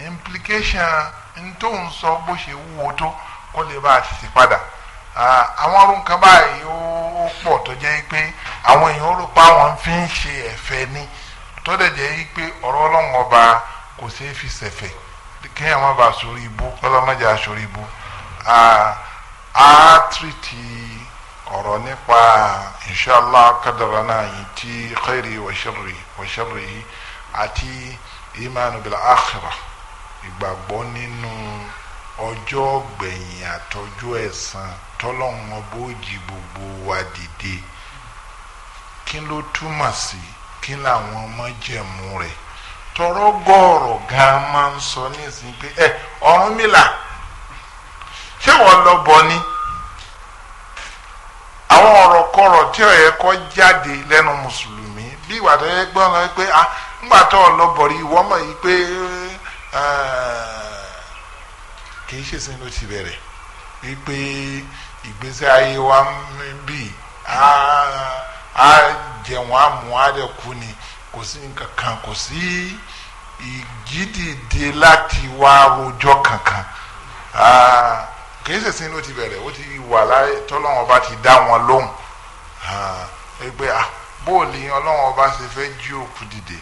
implication ntó ń sọ bó ṣe wúwo tó kó lè bá a sì padà àwọn ọrùn kan báyìí ó pọ̀ tó jẹ́ pé àwọn èèyàn rò pé àwọn fi ń ṣe ẹ̀fẹ̀ ni tó dẹ̀ jẹ́ pé ọ̀rọ̀ ọlọ́run ọba kò ṣeé fi ṣẹ̀fẹ̀ kéèyàn má bàa sórí ibú ọlọ́mọdé àsórí ibú á tìrìtì ọ̀rọ̀ nípa inṣàlá kádàrá náà yìí tí khairi wa sharri yìí àti imanu bil akhirah. ìgbàgbọ́ nínú ọjọ́ ọ̀gbẹ̀yìn àtọjọ́ ẹ̀sán tọ́lọ́run ọba ó gbogbo wa dìde kí ló túmọ̀ sí kí làwọn májẹ̀mú rẹ̀ tọrọ gọ̀ọ̀rọ̀ gan máa ń sọ nísìnyí pé ẹ Ọ̀rúnmìlà ṣé wọ́n lọ bọ ni bí ìwà tó yẹ gbọ́n lọ pé ah ọ lọ bọ̀ rí ìwọ́n mọ̀ Ah, kì í ṣèṣin ló ti bẹ̀rẹ̀ wípé ìgbésẹ̀ ayé wa ń bì á jẹun àmú àdẹ̀kù ni kò sí nǹkan kan kò sí ìjídìde láti wá rojọ́ kankan kì í ṣèṣin ló ti bẹ̀rẹ̀ ó ti wà láyé tọ́lọ́wọ́n bá ti dá wọn lóhùn ẹgbẹ́ bóòlì ọlọ́wọ́n bá ṣe fẹ́ jí òkú dìde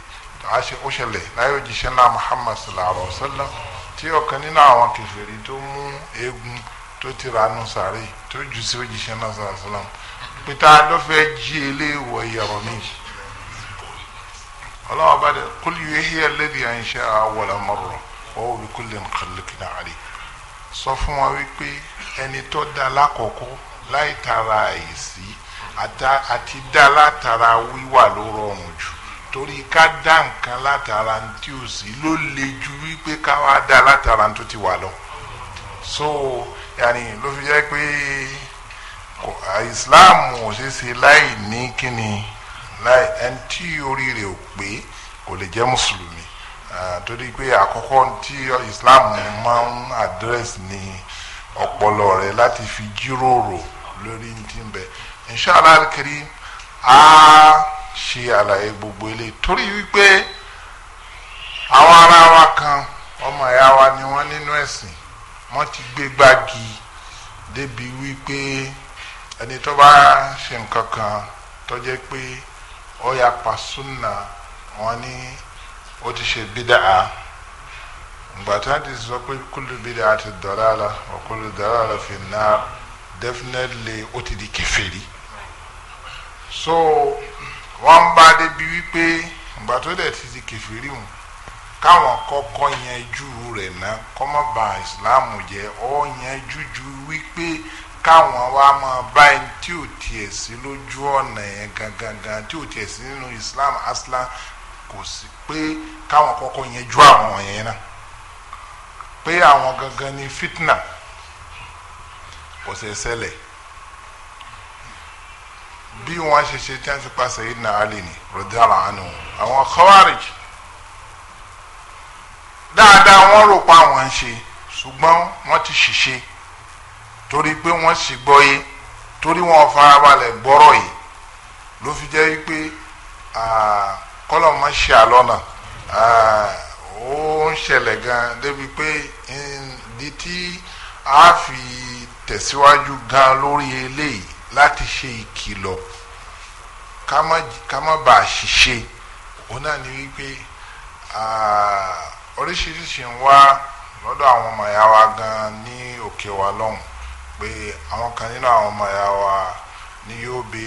àṣẹ ó ṣẹlẹ̀ láyé òjíṣẹ́ náà Muhammad sallallahu alayhi wa sallam tí ọ̀kan nínú àwọn kèfèrí tó mú eegun tó ti ranú sàárè tó jù sí òjíṣẹ́ náà sallallahu alayhi wa sallam pété ló fẹ́ jí eléwọ̀ yẹ̀rọ mi ọlọ́wọ́ bá dẹ kul yuhyiha alladhi ansha'a awwala marra wa huwa bi kulli khalqin alim sọ fún wa wípé ẹni tó dá lákọ̀ọ́kọ́ láì tara àyè sí àti dá látara wíwà ló rọrùn jù torí ká dá nǹkan látara tí ò sí ló le ju wípé ká wá dá látara tó ti wà lọ so yanni ló fi jẹ́ pé Islam ò ṣe ṣe láì ní kíni láì ẹni tí orí rẹ̀ ò pé kò lè jẹ́ mùsùlùmí torí pé àkọ́kọ́ tí Islam máa ń àdírẹ́sì ní ọpọlọ rẹ̀ láti fi jíròrò lórí ti ń bẹ inṣàlá kiri a ṣe àlàyé gbogbo eléyìí torí wípé àwọn ará wa kan ọmọ ìyá wa ni wọ́n nínú ẹ̀sìn wọ́n ti gbé gbági débi wípé ẹni tó bá ṣe nǹkan kan tó jẹ́ pé ó yapa súnà wọ́n ní ó ti ṣe bídàá ngbàtà ti sọ pé kúlù bídàá ti dọ̀lára ọ̀kúlù dọ̀lára fi náà definitely ó ti di kèfèrí so wọ́n ń bá débi wípé ìgbà tó dẹ̀ ti di kẹfìrí wọn káwọn kọ́kọ́ yanjú rẹ̀ náà kó má ba ìsìláàmù jẹ́ ó yanjú ju wípé káwọn wá máa bá ẹni tí ò tiẹ̀ sí lójú ọ̀nà yẹn gangan tí ò tiẹ̀ sí nínú ìsìláàmù aslan kò sí pé káwọn kọ́kọ́ yanjú àwọn yẹn náà pé àwọn gangan ni fitna kò ṣe ṣẹlẹ̀ bí wọ́n ṣe ṣe tẹ́ ń fi pa Sayyidina Ali ni rọ̀dàlá àánú àwọn Khawarij dáadáa wọ́n rò pa àwọn ń ṣe ṣùgbọ́n wọ́n ti ṣìṣe torí pé wọ́n sì gbọ́ yé torí wọ́n farabalẹ̀ gbọ́rọ̀ yìí ló fi jẹ́ wípé kọ́lọ̀ mọ́ ṣe àlọ́nà ó ń ṣẹlẹ̀ gan débi pé di tí a fi tẹ̀síwájú gan lórí eléyìí láti ṣe ìkìlọ̀ ká má bà á ṣiṣẹ́ òun náà ni wípé oríṣiríṣi ń wá lọ́dọ̀ àwọn ọmọ ìyá wa gan ní òkè wa lọ́hùn pé àwọn kan nínú àwọn ọmọ ìyá wa ní Yobe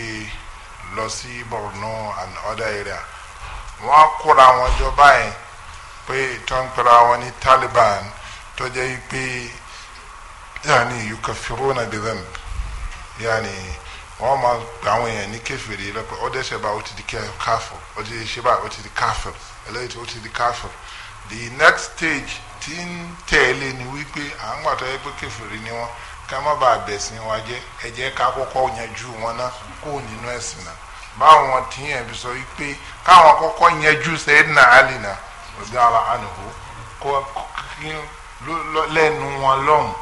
lọ sí Borno and other area wọ́n á kóra wọn jọ báyìí pé tó ń pera wọn ní Taliban tó jẹ́ pé yàní yukafiruna bidhanb yàní wọ́n ma gba àwọn èèyàn ní kèfèrí lọ́pẹ́ ó dẹ́ṣẹ̀ ti di káfọ̀ ó ti di káfọ̀ tí ti di the next stage tí ń tẹ̀lé ni wípé à ń gbàtọ́ yẹ pé ni wọ́n ká má bàa bẹ̀sìn wa jẹ́ ká kọ́kọ́ yanjú wọn náà kó nínú ẹ̀sìn náà báwọn sọ wípé káwọn kọ́kọ́ yanjú náà ara kọ́ lẹ́nu wọn lọ́hùn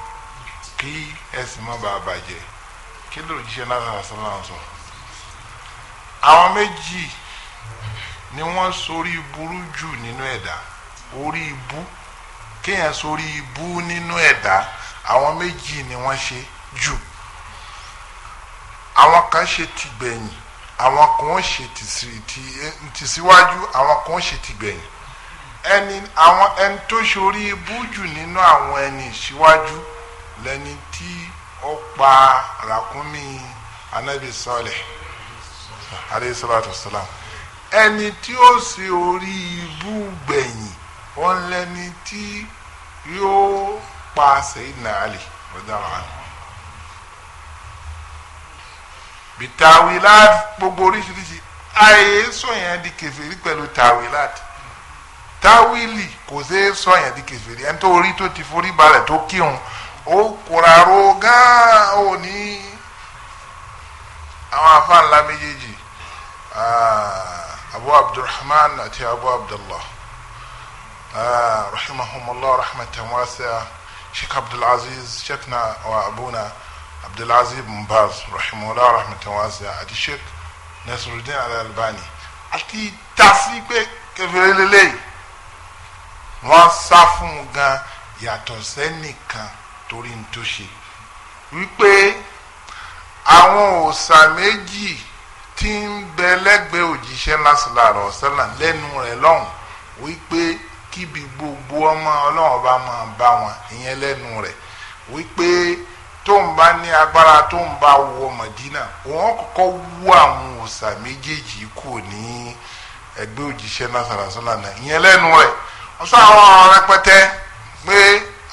kí ló jíṣẹ́ náà sàràsà náà sọ àwọn méjì ni wọ́n sórí burú jù nínú ẹ̀dá orí ibú kéèyàn sórí ibú nínú ẹ̀dá àwọn méjì ni wọ́n ṣe jù àwọn kan ṣe tìgbẹ̀yìn àwọn kan ṣe tìsíwájú àwọn kan ṣe tìgbẹ̀yìn ẹni àwọn ẹni tó ṣorí ibú jù nínú àwọn ẹni ìṣíwájú lẹni tí ó pa ràkúnmí anabi sọlẹ aleyhi Salam. wasalam ẹni tí ó sì orí ibú gbẹ̀yìn wọn lẹni tí yóò pa Sayyidina Ali radiyallahu anhu bìtàwílát gbogbo oríṣiríṣi àyè sọyàn di kèfèrí pẹ̀lú Tawilat. Tawili, kò ṣeé sọyàn di kèfèrí ẹni tó orí tó ti forí balẹ̀ tó kírun ó kóraró gan ó ní àwọn afa ńlá méjèèjì ah, abu abdulrahman àti abu abdullah ah, rahimahumullah rahmatan wasi'a sheikh abdulaziz sheikh na wa abuna abdulaziz mbaz rahimahullah rahmatan wasi'a àti sheikh nasiruddin alalbani àti tasi pé kẹfìrẹ́lẹ́lẹ́yìn wọ́n sá fún un gan yàtọ̀ sẹ́nìkan torí n tó ṣe wípé àwọn òòṣà méjì tí ń bẹ lẹ́gbẹ̀ẹ́ òjíṣẹ́ lásìláàrọ ọsẹlà lẹ́nu rẹ̀ lọ́hùn wípé kíbi gbogbo ọmọ Ọlọ́run bá máa bá wọn ìyẹn lẹ́nu rẹ̀ wípé tó ń bá ní agbára tó ń bá wọ Mọ̀dínà wọn kọ́kọ́ wú àwọn òòṣà méjèèjì kù ní ẹgbẹ́ òjíṣẹ́ lásìláàrọ ọsẹlà náà ìyẹn lẹ́nu rẹ̀ wọn sọ àwọn rẹpẹtẹ pé.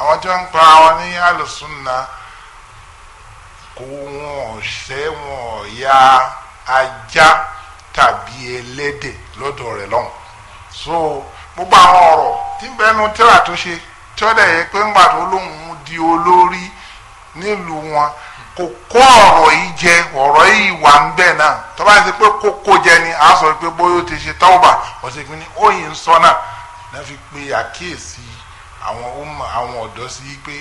àwọn tí wọ́n ń pa àwọn wọn ọ̀sẹ́ ya ajá tàbí elédè lọ́dọ̀ so gbogbo àwọn ọ̀rọ̀ tí ń bẹnu tíra tó ṣe tí yẹ pé ńgbà tó lóun di olórí nílùú wọn kò kó ọ̀rọ̀ yìí jẹ ọ̀rọ̀ yìí wà ń bẹ̀ náà ni a sọ pé bóyá ti ṣe tọ́wọ́bà ọ̀sẹ̀ sọ náà àwọn ọmọ àwọn ọ̀dọ́ sí pé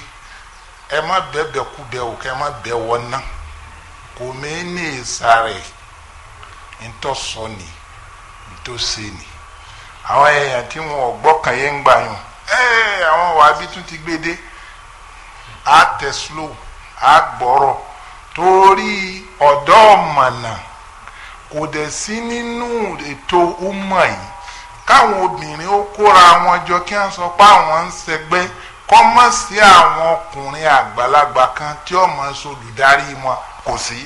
ẹ má bẹ́bẹ̀ kú bẹ́ o kẹ́ ẹ má bẹ́ wọ ná kò mẹ́ni sáré ntọ́ sọ ni ntọ́ se ni àwọn èèyàn tí wọn ò gbọ́kàn yẹn ń gbà yàn ẹ́ẹ̀ àwọn wàhábí tún ti gbé dé á tẹ̀ slow á gbọ́rọ̀ torí ọ̀dọ́ ọ̀mọ̀nà kò dẹ̀ sí nínú ètò ọmọ yìí káwọn obìnrin ó kóra wọn jọ kí wọ́n sọ pé àwọn ń ṣẹgbẹ́ kọ́mọ̀ sí àwọn ọkùnrin àgbàlagbà kan tí ó máa ṣolùdarí wọn kò sí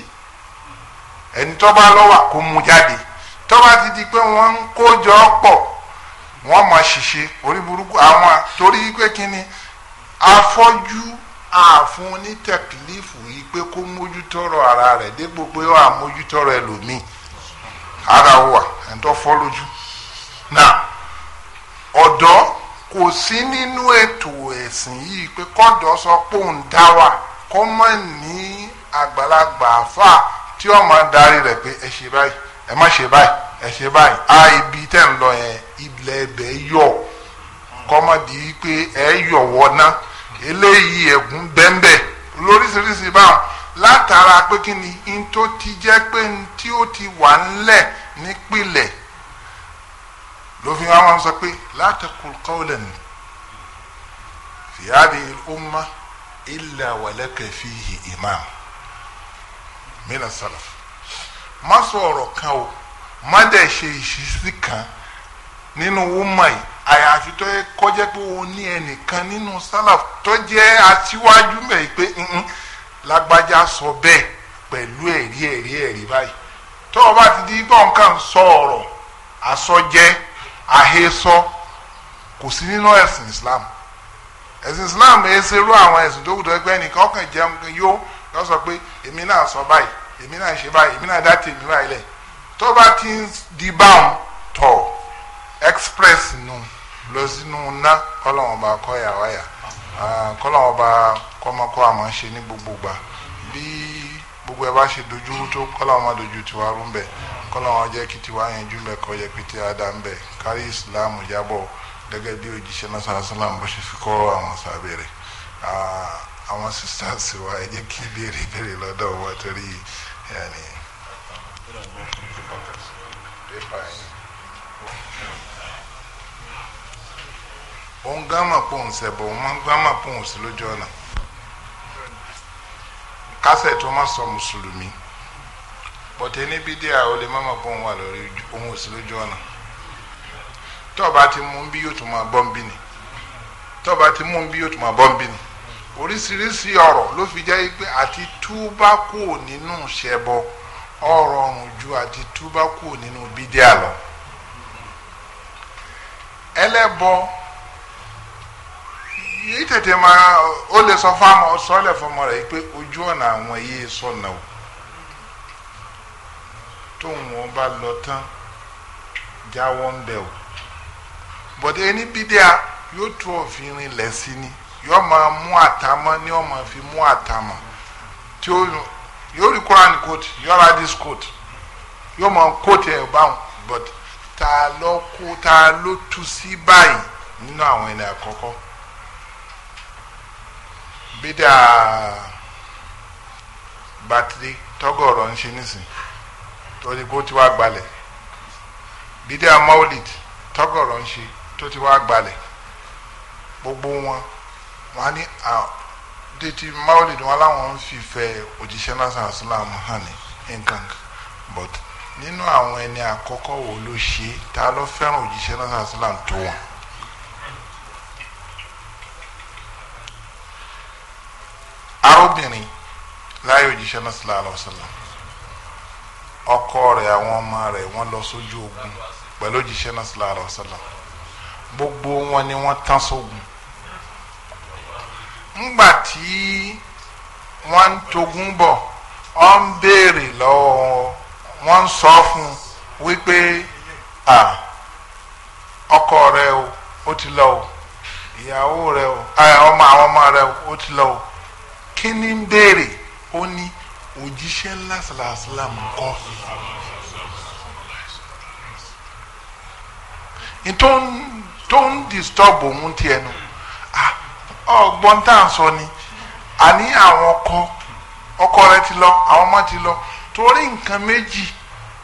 ẹni tó bá lọ́wọ́ kó mú jáde tó bá ti di pé wọ́n ń kójọ pọ̀ wọ́n máa ṣiṣẹ́ orí burúkú àwọn torí pé kí ni afọ́jú àfún onítẹ̀kìlífù yìí pé kó mójútọ́rọ̀ ara rẹ̀ dépò pé ó àmójútọ́rọ̀ ẹlòmíì ara wà ẹni tó fọ́ lójú na, ọ̀dọ́ kò sí nínú ètò ẹ̀sìn yìí pé kọ́dọ̀ sọ pé òun dá wà kó má ní àgbàlagbà àfà tí ó máa darí rẹ̀ pé ẹ ṣe báyìí ẹ má ṣe báyìí ẹ ṣe báyìí á ibi tẹ̀ ń lọ yẹn ilẹ̀ ẹ̀bẹ̀ yọ̀ kọ́mọdé pé ẹ yọ̀ wọ́ná eléyìí ẹ̀gún bẹ́ńbẹ́ lóríṣiríṣi báwọn látara pé kí ni n tó ti jẹ́ pé n tí ó ti wà ńlẹ̀ nípìnlẹ̀ lófin àwọn sọ pé la taqul qawlan fi hadhihi al-ummah illa wa laka fihi imam mina salaf má sọ ọ̀rọ̀ kan o má dẹ̀ ṣe ìṣísí kan nínú wúmọ̀ yìí àyàfi tó yẹ kọjá pé o ní ẹnìkan nínú salaf tó jẹ́ aṣíwájú mẹ́ pé lágbájá sọ bẹ́ẹ̀ pẹ̀lú ẹ̀rí ẹ̀rí ẹ̀rí báyìí tó o bá ti di gbọ̀ǹkan sọ ọ̀rọ̀ àsọjẹ́. So àhesọ kò sí nínú ẹ̀sìn Islam ẹ̀sìn Islam ẹ̀ ṣe àwọn ẹ̀sìn tó kù ẹgbẹ́ nìkan ọkàn jẹun yó lọ sọ pé èmi náà sọ báyìí èmi náà ṣe báyìí èmi náà dá tèmi báyìí lẹ̀ tó bá ti ń di báwọn express nù lọ sínú ná kọ́lọ́wọ́n jẹ́ kí tiwa yẹn jù bẹ́ẹ̀ kọ́ yẹ pé tí a dá ń bẹ̀ kárí ìsìláàmù jábọ̀ gẹ́gẹ́ bí òjíṣẹ́ náà sàlásàlám bó ṣe fi kọ́ àwọn sábẹ́rẹ́ àwọn sisters wa ẹ jẹ́ kí béèrè béèrè lọ́dọ̀ wa torí yàní. òun gámà pòun sẹ́bọ̀ òun gámà pòun sí lójú ọ̀nà kásẹ̀ tó má sọ mùsùlùmí. bọ̀tẹ́ níbi díẹ̀ o lè má ma bọ́ wà lórí ti mú bí yóò tún máa bọ́ ni tọ́ọ̀bá ti mú bí yóò máa ni oríṣiríṣi ọ̀rọ̀ ló fi jẹ́ pé àti túbá kù nínú ṣẹbọ ọ̀rọ̀ ju àti túbá kù nínú lọ ẹlẹ́bọ yìí tètè máa lè sọ fáwọn fọmọ rẹ̀ pé ojú ọ̀nà àwọn yìí tóun wọn bá lọ tán jáwọ́ ń bẹ̀ o but ẹni bídíà yóò tú òfin rinlẹ̀ sí ni yóò máa mú àtàmọ́ ni yóò máa fi mú àtàmọ́ tí ó yóò rí Quran coat yóò ra this coat yóò máa coat ẹ̀ báwọn but ta ló kó ta ló tú sí báyìí nínú àwọn ẹni àkọ́kọ́ bídíà bàtìrì tọ́gọ̀rọ̀ ń ṣe nísìnyí torí pé ó ti wá gbalẹ̀ bídíà maulid tọgọrọ ń ṣe tó ti wá gbalẹ̀ gbogbo wọn wọn á ní títí maulid wọn láwọn ń fìfẹ́ òjíṣẹ́ lásán islam hàn ní nǹkan but nínú àwọn ẹni àkọ́kọ́ wo ló ṣe ta ló fẹ́ràn òjíṣẹ́ lásán islam tó wọn. arábìnrin láyé òjíṣẹ́ lásán islam. ọkọ rẹ àwọn ọmọ rẹ wọn lọ sójú ogun pẹlụ ojii náà sallallahu ala wasallam gbogbo wọn ni wọn tán sógun ńgbà tí wọ́n ń togun bọ̀ ọ ń béèrè lọ́wọ́ wọn ń sọ fún wípé à ọkọ rẹ o ó ti lọ o ìyàwó rẹ̀ o ọmọ àwọn ọmọ o ó ti lọ o kí ni ń béèrè ó ní. òjíṣẹ́ ńlá sàlàsílà ń kọ́ tó disturb òun tiẹ̀ nu ọgbọ́n tá à ń sọ ni àní àwọn ọkọ ọkọ rẹ ti lọ àwọn ọmọ ti lọ torí nǹkan méjì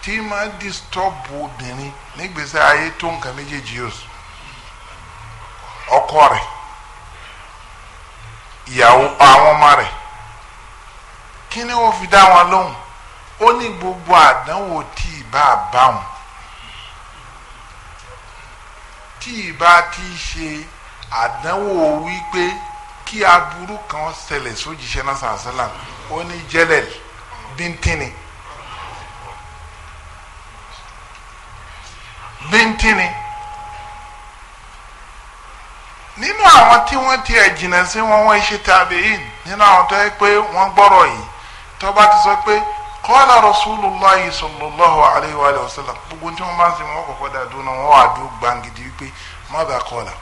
tí máa disturb obìnrin nígbèsè ayé tó nǹkan méjèèjì yóò sùn ọkọ rẹ ìyàwó àwọn ọmọ rẹ kí ni ó fi dá wọn lóhùn ó ní gbogbo àdánwò tí ìbá bá wọn tí ìbá ti ṣe àdánwò wípé kí aburú kan ṣẹlẹ̀ sójíṣẹ́ náà sàásálà ó ní jẹ́lẹ̀ bíntínì bíntínì nínú àwọn tí wọ́n ti ẹ̀ sí wọn wọ́n ṣe tàbí yìí nínú àwọn tó yẹ pé wọ́n gbọ́rọ̀ yìí tọba ti sọ pé kọ́lá rasulillah sallallahu alayhi wa sallam gbogbo tí wọ́n máa ń sin wọn kọ̀kọ́ dà dúró náà wọ́n wà wípé kọ́lá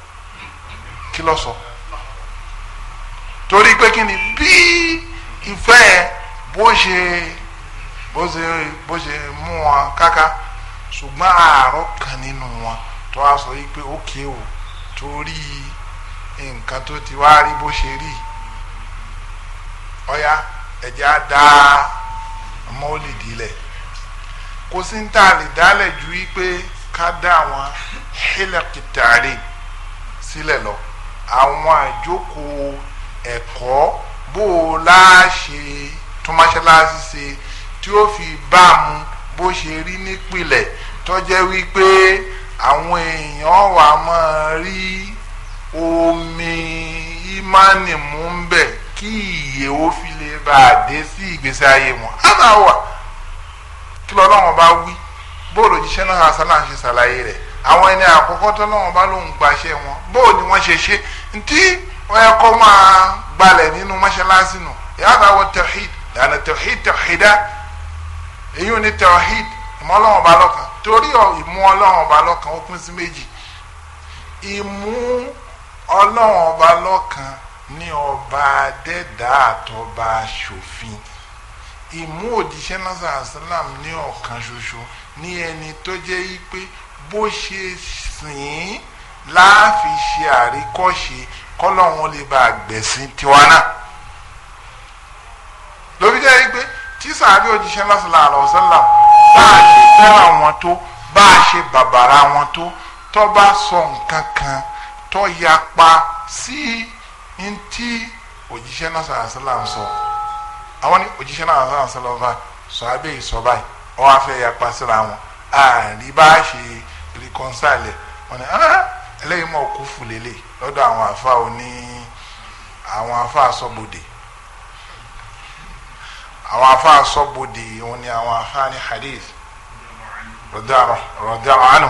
kí sọ torí pé kí ni bí ìfẹ́ bó ṣe bó ṣe bó ṣe mú wọn káká ṣùgbọ́n àárọ̀ kan ẹ̀jẹ̀ á dá mọ́lìdì lẹ̀ kò sí ní tá a lè dálẹ̀ ju wípé ká dá àwọn hílẹ̀kìtàrí sílẹ̀ lọ àwọn àjókòó ẹ̀kọ́ bó o láṣẹ tún mọ́ṣáláṣí ṣe tí ó fi bá a mu bó ṣe rí nípìnlẹ̀ tọ́jẹ́ wípé àwọn èèyàn wà máa rí omi ìmánìmú ń bẹ̀ kí ìyè ó fi lè bá a dé sí ìgbésí ayé wọn á máa wà kí lọ́lọ́wọ́n bá wí bóòlù òjíṣẹ́ náà hasan náà ṣe ṣàlàyé rẹ̀ àwọn ẹni àkọ́kọ́ tọ́lọ́wọ́n bá lóun gbaṣẹ́ wọn bóò ni wọ́n ṣe ṣe ntí wọ́n yẹ kó máa gbalẹ̀ nínú mọ́ṣáláṣí nù yàrá wọ tawhid lànà tawhid tawhida èyí ò ní tawhid ìmọ̀ ọlọ́wọ́n bá lọ́kàn torí ìmú ọlọ́wọ́n bá lọ́kàn ó pín sí méjì ìmú ọlọ́wọ́n bá lọ́kàn ní ọba adẹ́dá àtọba aṣòfin ìmú òjíṣẹ́ lásán àsálàm ní ọ̀kan ṣoṣo ní ẹni tó jẹ́ wípé bó ṣe sìn ín láàfi ṣe àríkọ́ṣe kọ́lọ́hún lè bá gbẹ̀sìn tiwa náà lóbi jẹ́ wípé tí sàbí òjíṣẹ́ lásán àlọ́sálàm bá a ṣe fẹ́ràn wọn tó bá a ṣe bàbàrà wọn tó tó bá sọ nǹkan kan tó yapa sí. Si ntí òjíṣẹ́ na sàrásílà ń sọ àwọn ní na náà sàrásílà ń sọ sọ abẹ́ ìsọba yìí ọwọ́ afẹ́ ya pasíra wọn àrí bá ṣe reconcile wọn ni ẹlẹ́yìn mọ̀ kú fúlélẹ̀ lọ́dọ̀ àwọn afa oní àwọn afa asọ́bodè àwọn afa asọ́bodè wọn àwọn afa ní hadith rọ̀dà rọ̀dà ànú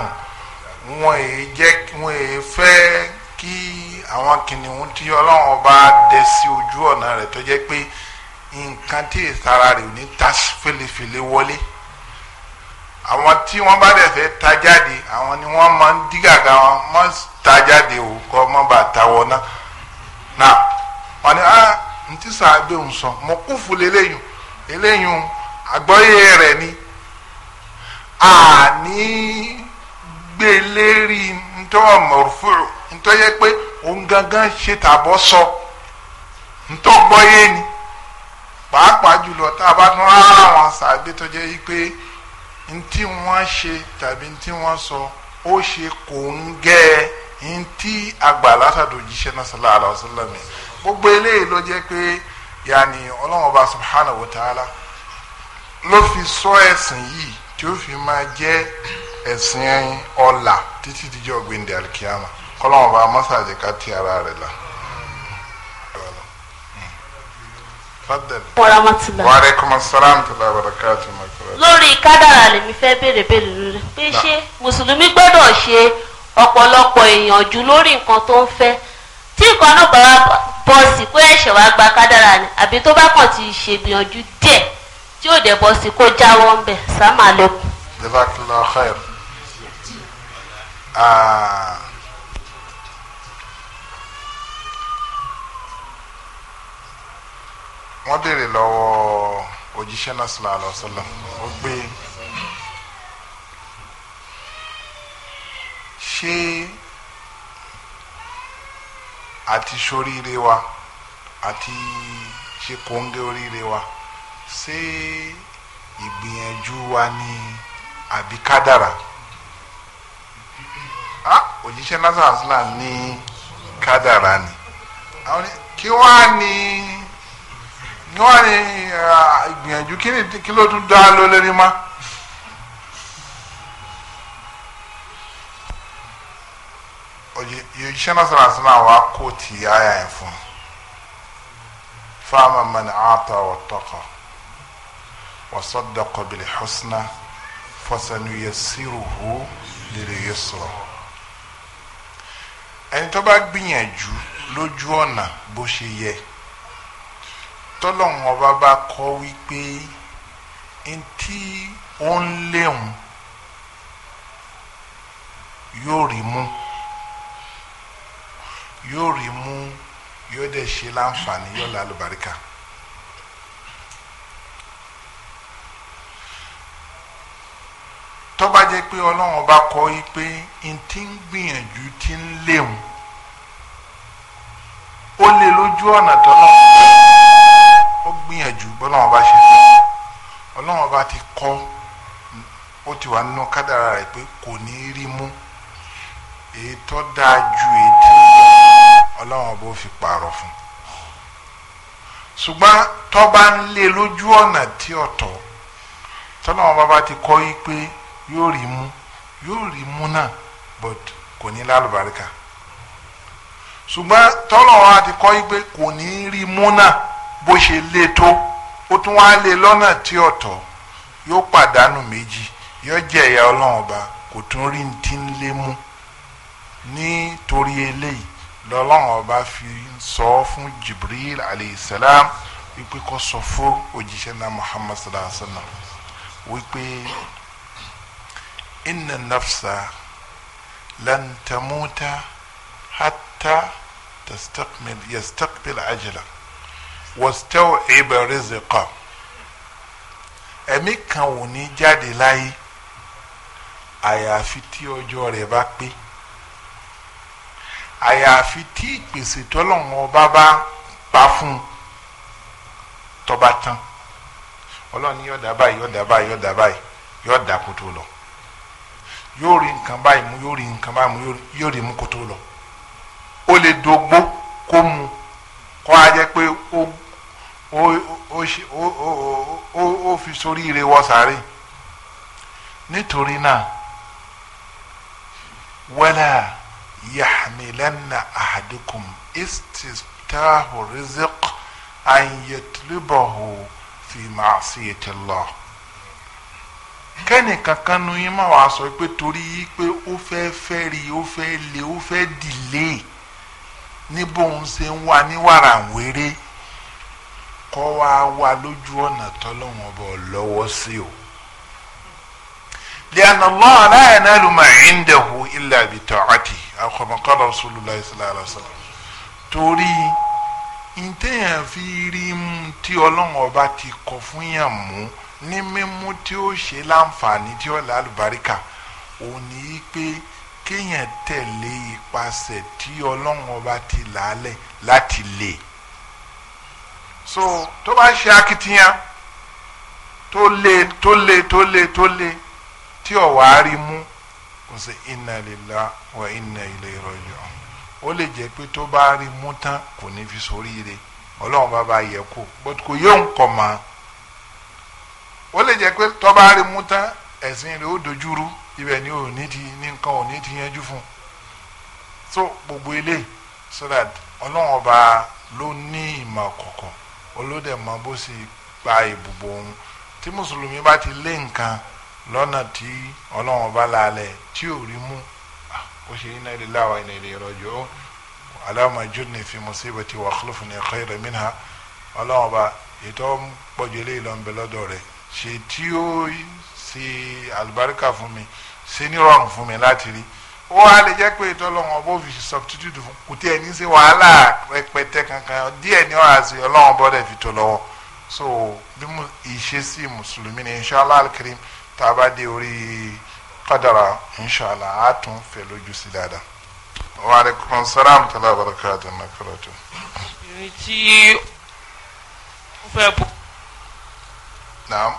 wọn èé jẹ́ wọn èé fẹ́ kí àwọn kìnìún tí ọlọ́run ọba dẹ sí ojú ọ̀nà rẹ̀ tó jẹ́ pé nǹkan tí ìsara rẹ̀ ò ní ta fèlèfèlè wọlé àwọn tí wọ́n bá dẹ̀ fẹ́ ta jáde àwọn ni wọ́n máa ń dí gàgà wọn mọ́ ta jáde ò kọ́ mọ́ bá ta wọ náà náà wọ́n ní ah ntí sàgbẹ́ ń sọ mọ kúfu lélẹ́yìn lélẹ́yìn àgbọ́yé rẹ̀ ni àní gbé lérí ntọ́ mọ̀rùfù ntọ́ yẹ pé òun gangan ṣe tàbọ̀ sọ ntọ́ gbọ́ yé ni pàápàá jùlọ tá a bá tún àwọn sàgbé tó pé ntí wọ́n ṣe tàbí ntí wọ́n sọ ó ṣe kò ń gẹ́ ntí àgbà látàdó jíṣẹ́ náà sallallahu alaihi gbogbo eléyìí ló jẹ́ pé subhanahu wa ta'ala sọ ẹ̀sìn yìí tí ẹ̀sìn ẹyin ọ̀la títí dijọ́ gbẹ̀ndẹ̀ alikiyama kọ́lọ́mù bá masáàjì ká ti ara rẹ̀ la. wa alaikum salaam tala barakatu lórí kádàrà lèmi fẹ́ béèrè béèrè lórí pé ṣé mùsùlùmí gbọ́dọ̀ ṣe ọ̀pọ̀lọpọ̀ ìyànjú lórí nǹkan tó ń fẹ́ tí nǹkan náà bá bọ́ sí pé ẹ̀ṣẹ̀ wàá gba kádàrà ni àbí tó bá kàn ti ṣègbìyànjú díẹ̀ tí ò dẹ̀ bọ́ sí kó jáwọ́ ń bẹ̀ sámà lẹ́kùn. jazakallah khair Ah. wọ́n béèrè lọ́wọ́ òjíṣẹ́ náà sọ̀rọ̀ àlọ́ sọ́lọ́ ó gbé ṣé àti ṣoríire wa àti ṣe kóńgé oríire wa ṣé ìgbìyànjú wa ni àbí kádàrà òjíṣẹ́ lásàásílà ní kádàrá ni àwọn kí wọ́n á ní kí wọ́n á ní ìgbìyànjú kí ló tún dá lórí mọ́. òjíṣẹ́ lásàásílà wa kó ti àyà ẹ̀ fún un fáwọn mọ̀nà àtọ̀ ọ̀tọ̀kọ̀ wọ́sọ̀dọ̀kọ̀ bìlẹ̀ husna fasanuyasiruhu lil yusra ẹni tó bá gbìyànjú lójú ọ̀nà bó ṣe yẹ tọ́lọ́hún ọba bá kọ́ wípé ntí ó ń léhùn yóò rí mú yóò rí mú yóò dẹ̀ ṣe láǹfààní yóò lálùbáríkà. tó bá jẹ́ pé ọlọ́run bá kọ́ yí pé n ti ń gbìyànjú ti ń léwu ó lè lójú ọ̀nà tọ́lọ́ ó gbìyànjú bọ́lọ́run bá ṣe fẹ́ ọlọ́run bá ti kọ́ ó ti wà nínú kádàrá rẹ̀ pé kò ní rí mú èyí tó dáa ju èyí tí ọlọ́run bó fi pààrọ̀ fún ṣùgbọ́n tó ń lé lójú ọ̀nà tí ọ̀tọ̀ tọ́lọ́run bá ti kọ́ yí pé yóò rí mú yóò rí mú náà but kò ní lálùbáríkà ṣùgbọ́n tọ́lọ̀ wa ti kọ́ yí pé kò ní rí mú náà bó ṣe lé tó ó tún wá lé lọ́nà tí ọ̀tọ̀ yóò pàdánù méjì yóò jẹ́ ìyà ọlọ́run ọba kò tún rí ti ń lé mú nítorí eléyìí lọ́lọ́run ọba fi sọ fún Jibril aleyhisselam wípé kó sọ fún òjíṣẹ́ náà Muhammad sallallahu alaihi wa sallam wípé. إن النفس لن تموت حتى تستقبل يستقبل أجله واستوعب رزقه ẹ̀mí kan ò ní jáde láyé àyàfi tí ọjọ́ rẹ̀ bá pé àyàfi tí ìpèsè tọ́lọ́run ọba bá pa fún un tọ́ba tán ọlọ́run yọ̀ọ̀dà báyìí yọ̀ọ̀dà báyìí yọ̀ọ̀dà báyìí yọ̀ọ̀dà kó tó lọ yóò rí nǹkan báyìí mu yóò rí nǹkan báyìí mu yóò rí mu kó tó lọ ó lè dogbo kó mu kó a jẹ pé ó ó ó ó ó fi sórí ire wọ sáré nítorí náà wala yahmilanna ahadukum istitahu rizq an yatlubahu fi ma'siyati Allah kẹ́nì kankan nu yín máa wàá sọ pé torí pé ó fẹ́ fẹ́ rí ó fẹ́ lé ó fẹ́ dìlé ní bóun ṣe ń wá ní wàràǹwéré kọ́ wa wá lójú ọ̀nà tọ́lọ́wọ́n bọ̀ lọ́wọ́ sí o. لأن الله لا ينال ما عنده إلا بطاعته أو كما قال رسول الله صلى الله عليه وسلم torí ntẹ́yàn fi rí tí ọlọ́run ọba ti kọ fún yàn mú ní mímú tí ó ṣe láǹfààní tí ó lálùbáríkà òun ní í pé kéèyàn tẹ̀lé ipasẹ̀ tí ọlọ́run ọba ti làálẹ̀ láti lè so tó bá ṣe akitiyan tó le tó le tó le tó le tí ọ̀wá rí mú kò sí inna lillahi wa inna ilayhi raji'un ó lè jẹ́ pé tó bá rí mú tán kò ní fi sóríire ọlọ́run bá bá yẹ kó bó kò yóò ń kọ̀ máa ó lè jẹ́ pé tọ́ba rí mú tán ẹ̀sìn rẹ̀ ó dojúrú ibẹ̀ ni ò ní ti ní nǹkan ò ní ti yanjú fún un so gbogbo eléyìí so that ọlọ́run ọba ló ní ìmọ̀ kọ̀kọ̀ olóde mọ bó ṣe gba ìbùbọ̀ òun tí mùsùlùmí bá ti lé nǹkan lọ́nà tí ọlọ́run ọba lálẹ́ tí ò rí mú ah, ó ṣe inna lillahi wa inna ilayhi raji'un allahumma ajurni fi musibati wa akhlifni khayran minha ọlọ́run ọba ètò pọ̀jù eléyìí lọ́nbẹ lọ́dọ̀ rẹ̀ ṣe tí ó ṣe àlùbáríkà fún mi ṣe ní rọrùn fún mi láti rí ó wá lè jẹ́ pé ìtọ́lọ́wọ́n bó fi substitute fún kò tí ẹ̀ ní ṣe wàhálà rẹpẹtẹ kankan díẹ̀ ní ọ̀rọ̀ àti ọlọ́wọ́n bọ́dẹ̀ fi tó lọ́wọ́ so bí mo ìṣesí mùsùlùmí ni inshàlá alikirim tá a bá dé orí kádàrà inshàlá á tún fẹ́ lójú sí dáadáa. wa aleykum salaam tala barakatu nakaratu. ìrètí ó fẹ́ bọ́ naam.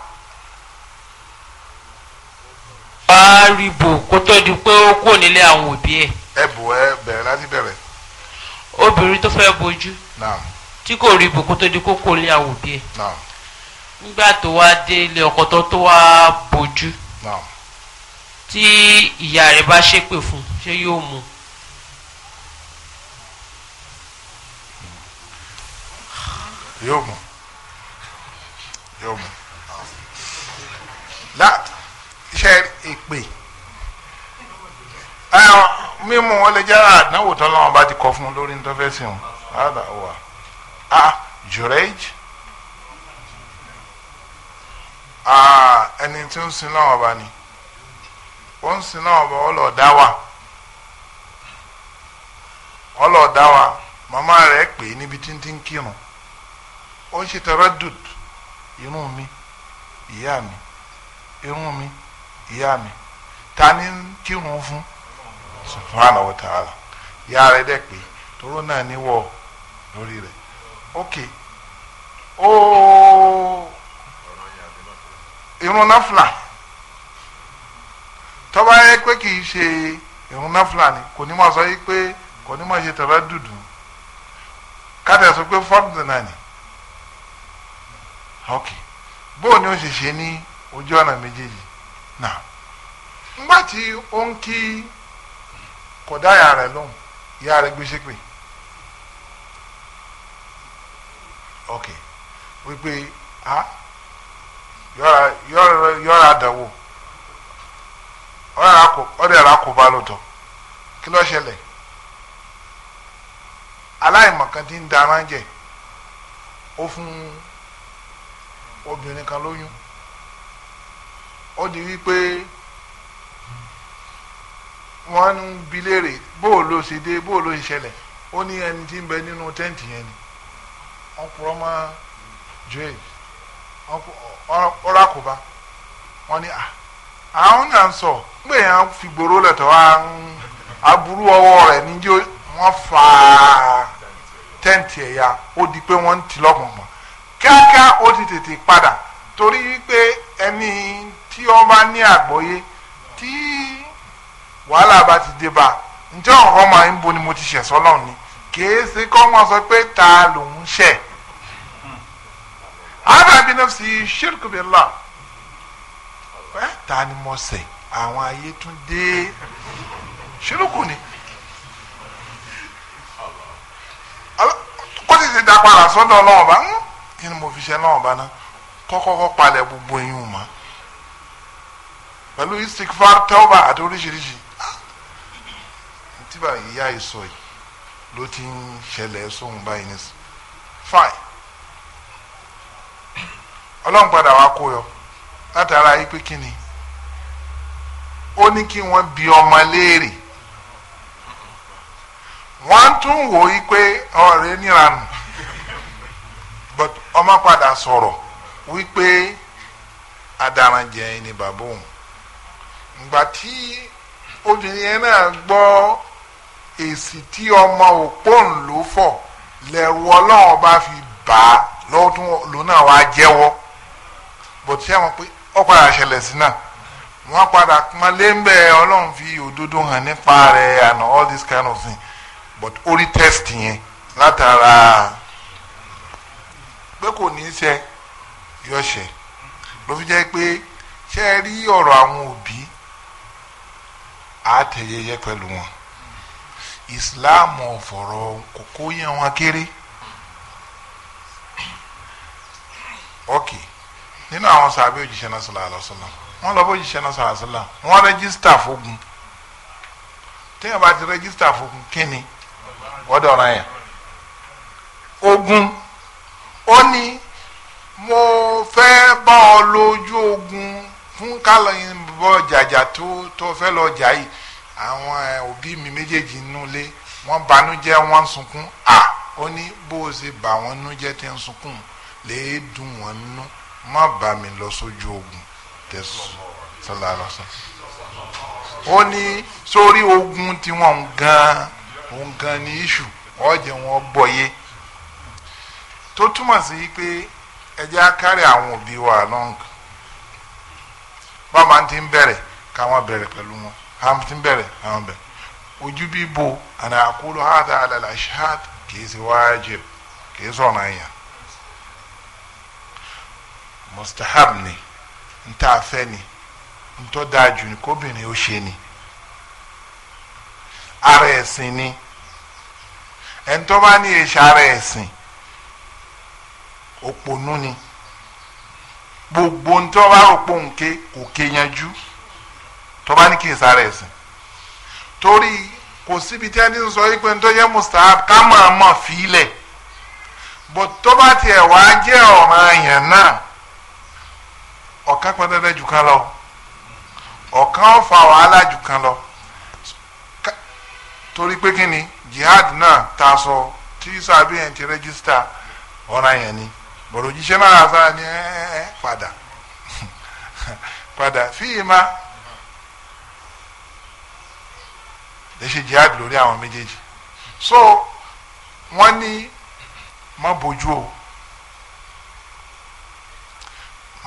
wàá rí bò kó tó di pé ó kúrò nílé àwọn òbí ẹ̀. ẹ bò ẹ bẹ̀rẹ̀ láti bẹ̀rẹ̀. obìnrin tó fẹ́ bojú. naam. tí kò rí bò kó tó di kó kúrò nílé àwọn òbí ẹ̀. naam. nígbà tó wá dé ilé ọkọ tó tó wá bojú. naam. tí ìyá rẹ̀ bá ṣépè fún ṣé yóò mú yóò mú yóò mú that iṣẹ́ pe mímú wọn lè jẹ́ àdánwò tó lọ́wọ́ bá ti kọ fún un lórí ha wọn rádà wà á jùrẹ́j ẹni tí ń sin náà ọba ni ó ń sin náà ọba ọlọ́ọ̀dá wa ọlọ́ọ̀dá wa màmá rẹ̀ pè é níbi tí ń ti ń kírun ó ń ṣe tẹ̀rẹ́dùd irun mi ìyá mi. irun mi ìyá mi ta ni kírun fún subhanahu wa ta'ala ìyá rẹ dẹ pé toró náà níwọ lori rẹ ok ooo irun náfìlà tọ́ba yẹ pé kì í ṣe irun náfìlà ni kò ní máa sọ yìí pé kò ní máa ṣe tẹ̀rẹ́ dùdù kátà ni ok bóun ni ojú ọ̀nà mejeji náà ngbati o n ń koda kọ̀dá ìyá rẹ̀ lóhùn ìyá rẹ̀ gbé ok wipe ha yọra yọra yọra àdánwò ọ̀rẹ́ rà kó bá lọ́tọ̀ kí ló ṣẹlẹ̀ aláìmọ̀kan ti ń darán jẹ ó fún obìnrin kan lóyún. ó di wípé wọ́n ń bi léèrè bó o ló ṣe dé bó o ló ṣe ṣẹlẹ̀ ó ní ẹni tí ń bẹ nínú tẹ́ǹtì yẹn ni ọkùnrin ọmọ joel ọ̀rọ̀ àkóbá wọ́n ní à àwọn náà ń sọ pé èèyàn fi gbòòrò lẹ̀tọ́ wa ń aburú ọwọ́ rẹ̀ níjó wọ́n fà á tẹ́ǹtì ẹ̀yà ó di pé wọ́n ń tì lọ́gbọ̀ngbọ̀n kíákíá ó ti tètè padà torí wípé ẹni tí wọ́n bá ní àgbọ́yé tí wàhálà bá ti dé bá ǹjẹ́ ọ̀rọ̀ máa ń bo ni mo ti ṣẹ̀ sọ́lọ́run ni kìí ṣe kọ́ wọn sọ pé ta lòun ṣẹ̀ arábìnrin náà sì ṣírkù bí lọ ta ni mo ṣẹ̀ àwọn ayé tún dé ṣírkù ni kó sì ti dá padà sọ́dọ̀ ọlọ́run bá hm? kí ni mo fi ṣe ọlọ́run bá ná kọ́kọ́kọ́ palẹ̀ gbogbo eyín o mọ́ pẹ̀lú istikfar tauba àti oríṣiríṣi tíba ìyá ìsọ yìí ló ti ń ṣẹlẹ̀ sóhun báyìí nísìn fine ọlọ́run padà wá kó yọ látara yìí pé kí ó ní kí wọ́n bi ọmọ léèrè wọ́n tún wò ó pé ọ̀rẹ́ níranù but ọmọ padà sọ̀rọ̀ wípé adaranjẹ ni bàbá òun ìgbà tí obìnrin yẹn náà gbọ́ èsì tí ọmọ òpóǹ ló fọ̀ lẹ́rù ọlọ́run bá fi bà á lọ́dún lòun náà wàá jẹ́wọ́ bó ti yà wọ́n pé ó padà ṣẹlẹ̀ sí náà wọ́n padà pọn lẹ́ńbẹ́ ọlọ́run fi òdodo hàn nípa rẹ̀ and all this kind of thing but orí test yẹn látara pé kò ní í ṣe yọ̀ṣẹ̀ ló fi jẹ́ pé ṣe é rí ọ̀rọ̀ àwọn òbí á tẹ̀yẹyẹ pẹ̀lú wọn islam ọ̀fọ̀rọ̀ kókó yẹn wọn kéré ok nínú àwọn sàbẹ̀ òjíṣẹ́ náà sallallahu alaihi wasallam wọ́n lọ bó òjíṣẹ́ náà sallallahu alaihi wasallam wọ́n rẹ́gísítà fógun téèyàn bá ti rẹ́gísítà fógun kí ni wọ́n yẹn ogun ó ní mo fẹ́ bá ọ lójú ogun fún kálọ̀ bọ́ jàjà tó tó fẹ́ lọ jà yìí àwọn òbí mi méjèèjì nínú ilé wọ́n banújẹ́ wọ́n sunkún à ó ní bó o ṣe bà wọ́n nú jẹ́ tí ń sunkún lè dùn wọ́n nú má bà mí lọ sójú ogun tẹ̀sán sọlá lọ́sàn. ó ní sórí ogun tí wọ́n ń gan ń gan ní iṣu ọ̀jẹ̀ wọn bọ̀yé tó túmọ̀ sí pé ẹ jẹ́ á kárí àwọn òbí wa lọ́nkàn bàbá ti ń bẹrẹ káwọn bẹ̀rẹ̀ pẹ̀lú wọn àwọn ti ń bẹ̀rẹ̀ àwọn bẹ̀rẹ̀ ojú bí bo àná àkúlù hàdà àlàlà ṣáàt kìí ṣe wájib kìí sọ̀nà yẹn ni nta ni ntọ́ dáa ni kóbìnrin ó ni ara ẹ̀sìn ni ẹ̀ńtọ́ bá ní èṣà ni. gbogbo ní tí wọ́n bá rò pé òun ké kò ké yanjú tó bá ní kí n sára ẹ̀sìn torí kò síbi tí ẹni sọ wípé ní tó yẹ mustahab ká máa mọ̀ fílẹ̀ bó tó bá tiẹ̀ wá jẹ́ ọ̀ràn yẹn náà ọ̀kan pẹ́ dẹ́dẹ́ jù kan lọ ọ̀kan fa wàhálà jù kan lọ torí pé kí ni jihad náà ta sọ tí sábẹ́ yẹn ti rẹ́gísítà ọ̀ràn yẹn ni bọ̀dọ̀ jíṣẹ́ náà sára ní ẹ́ padà padà fíì má lè ṣe jihad lórí àwọn méjèèjì so wọ́n ní má bójú o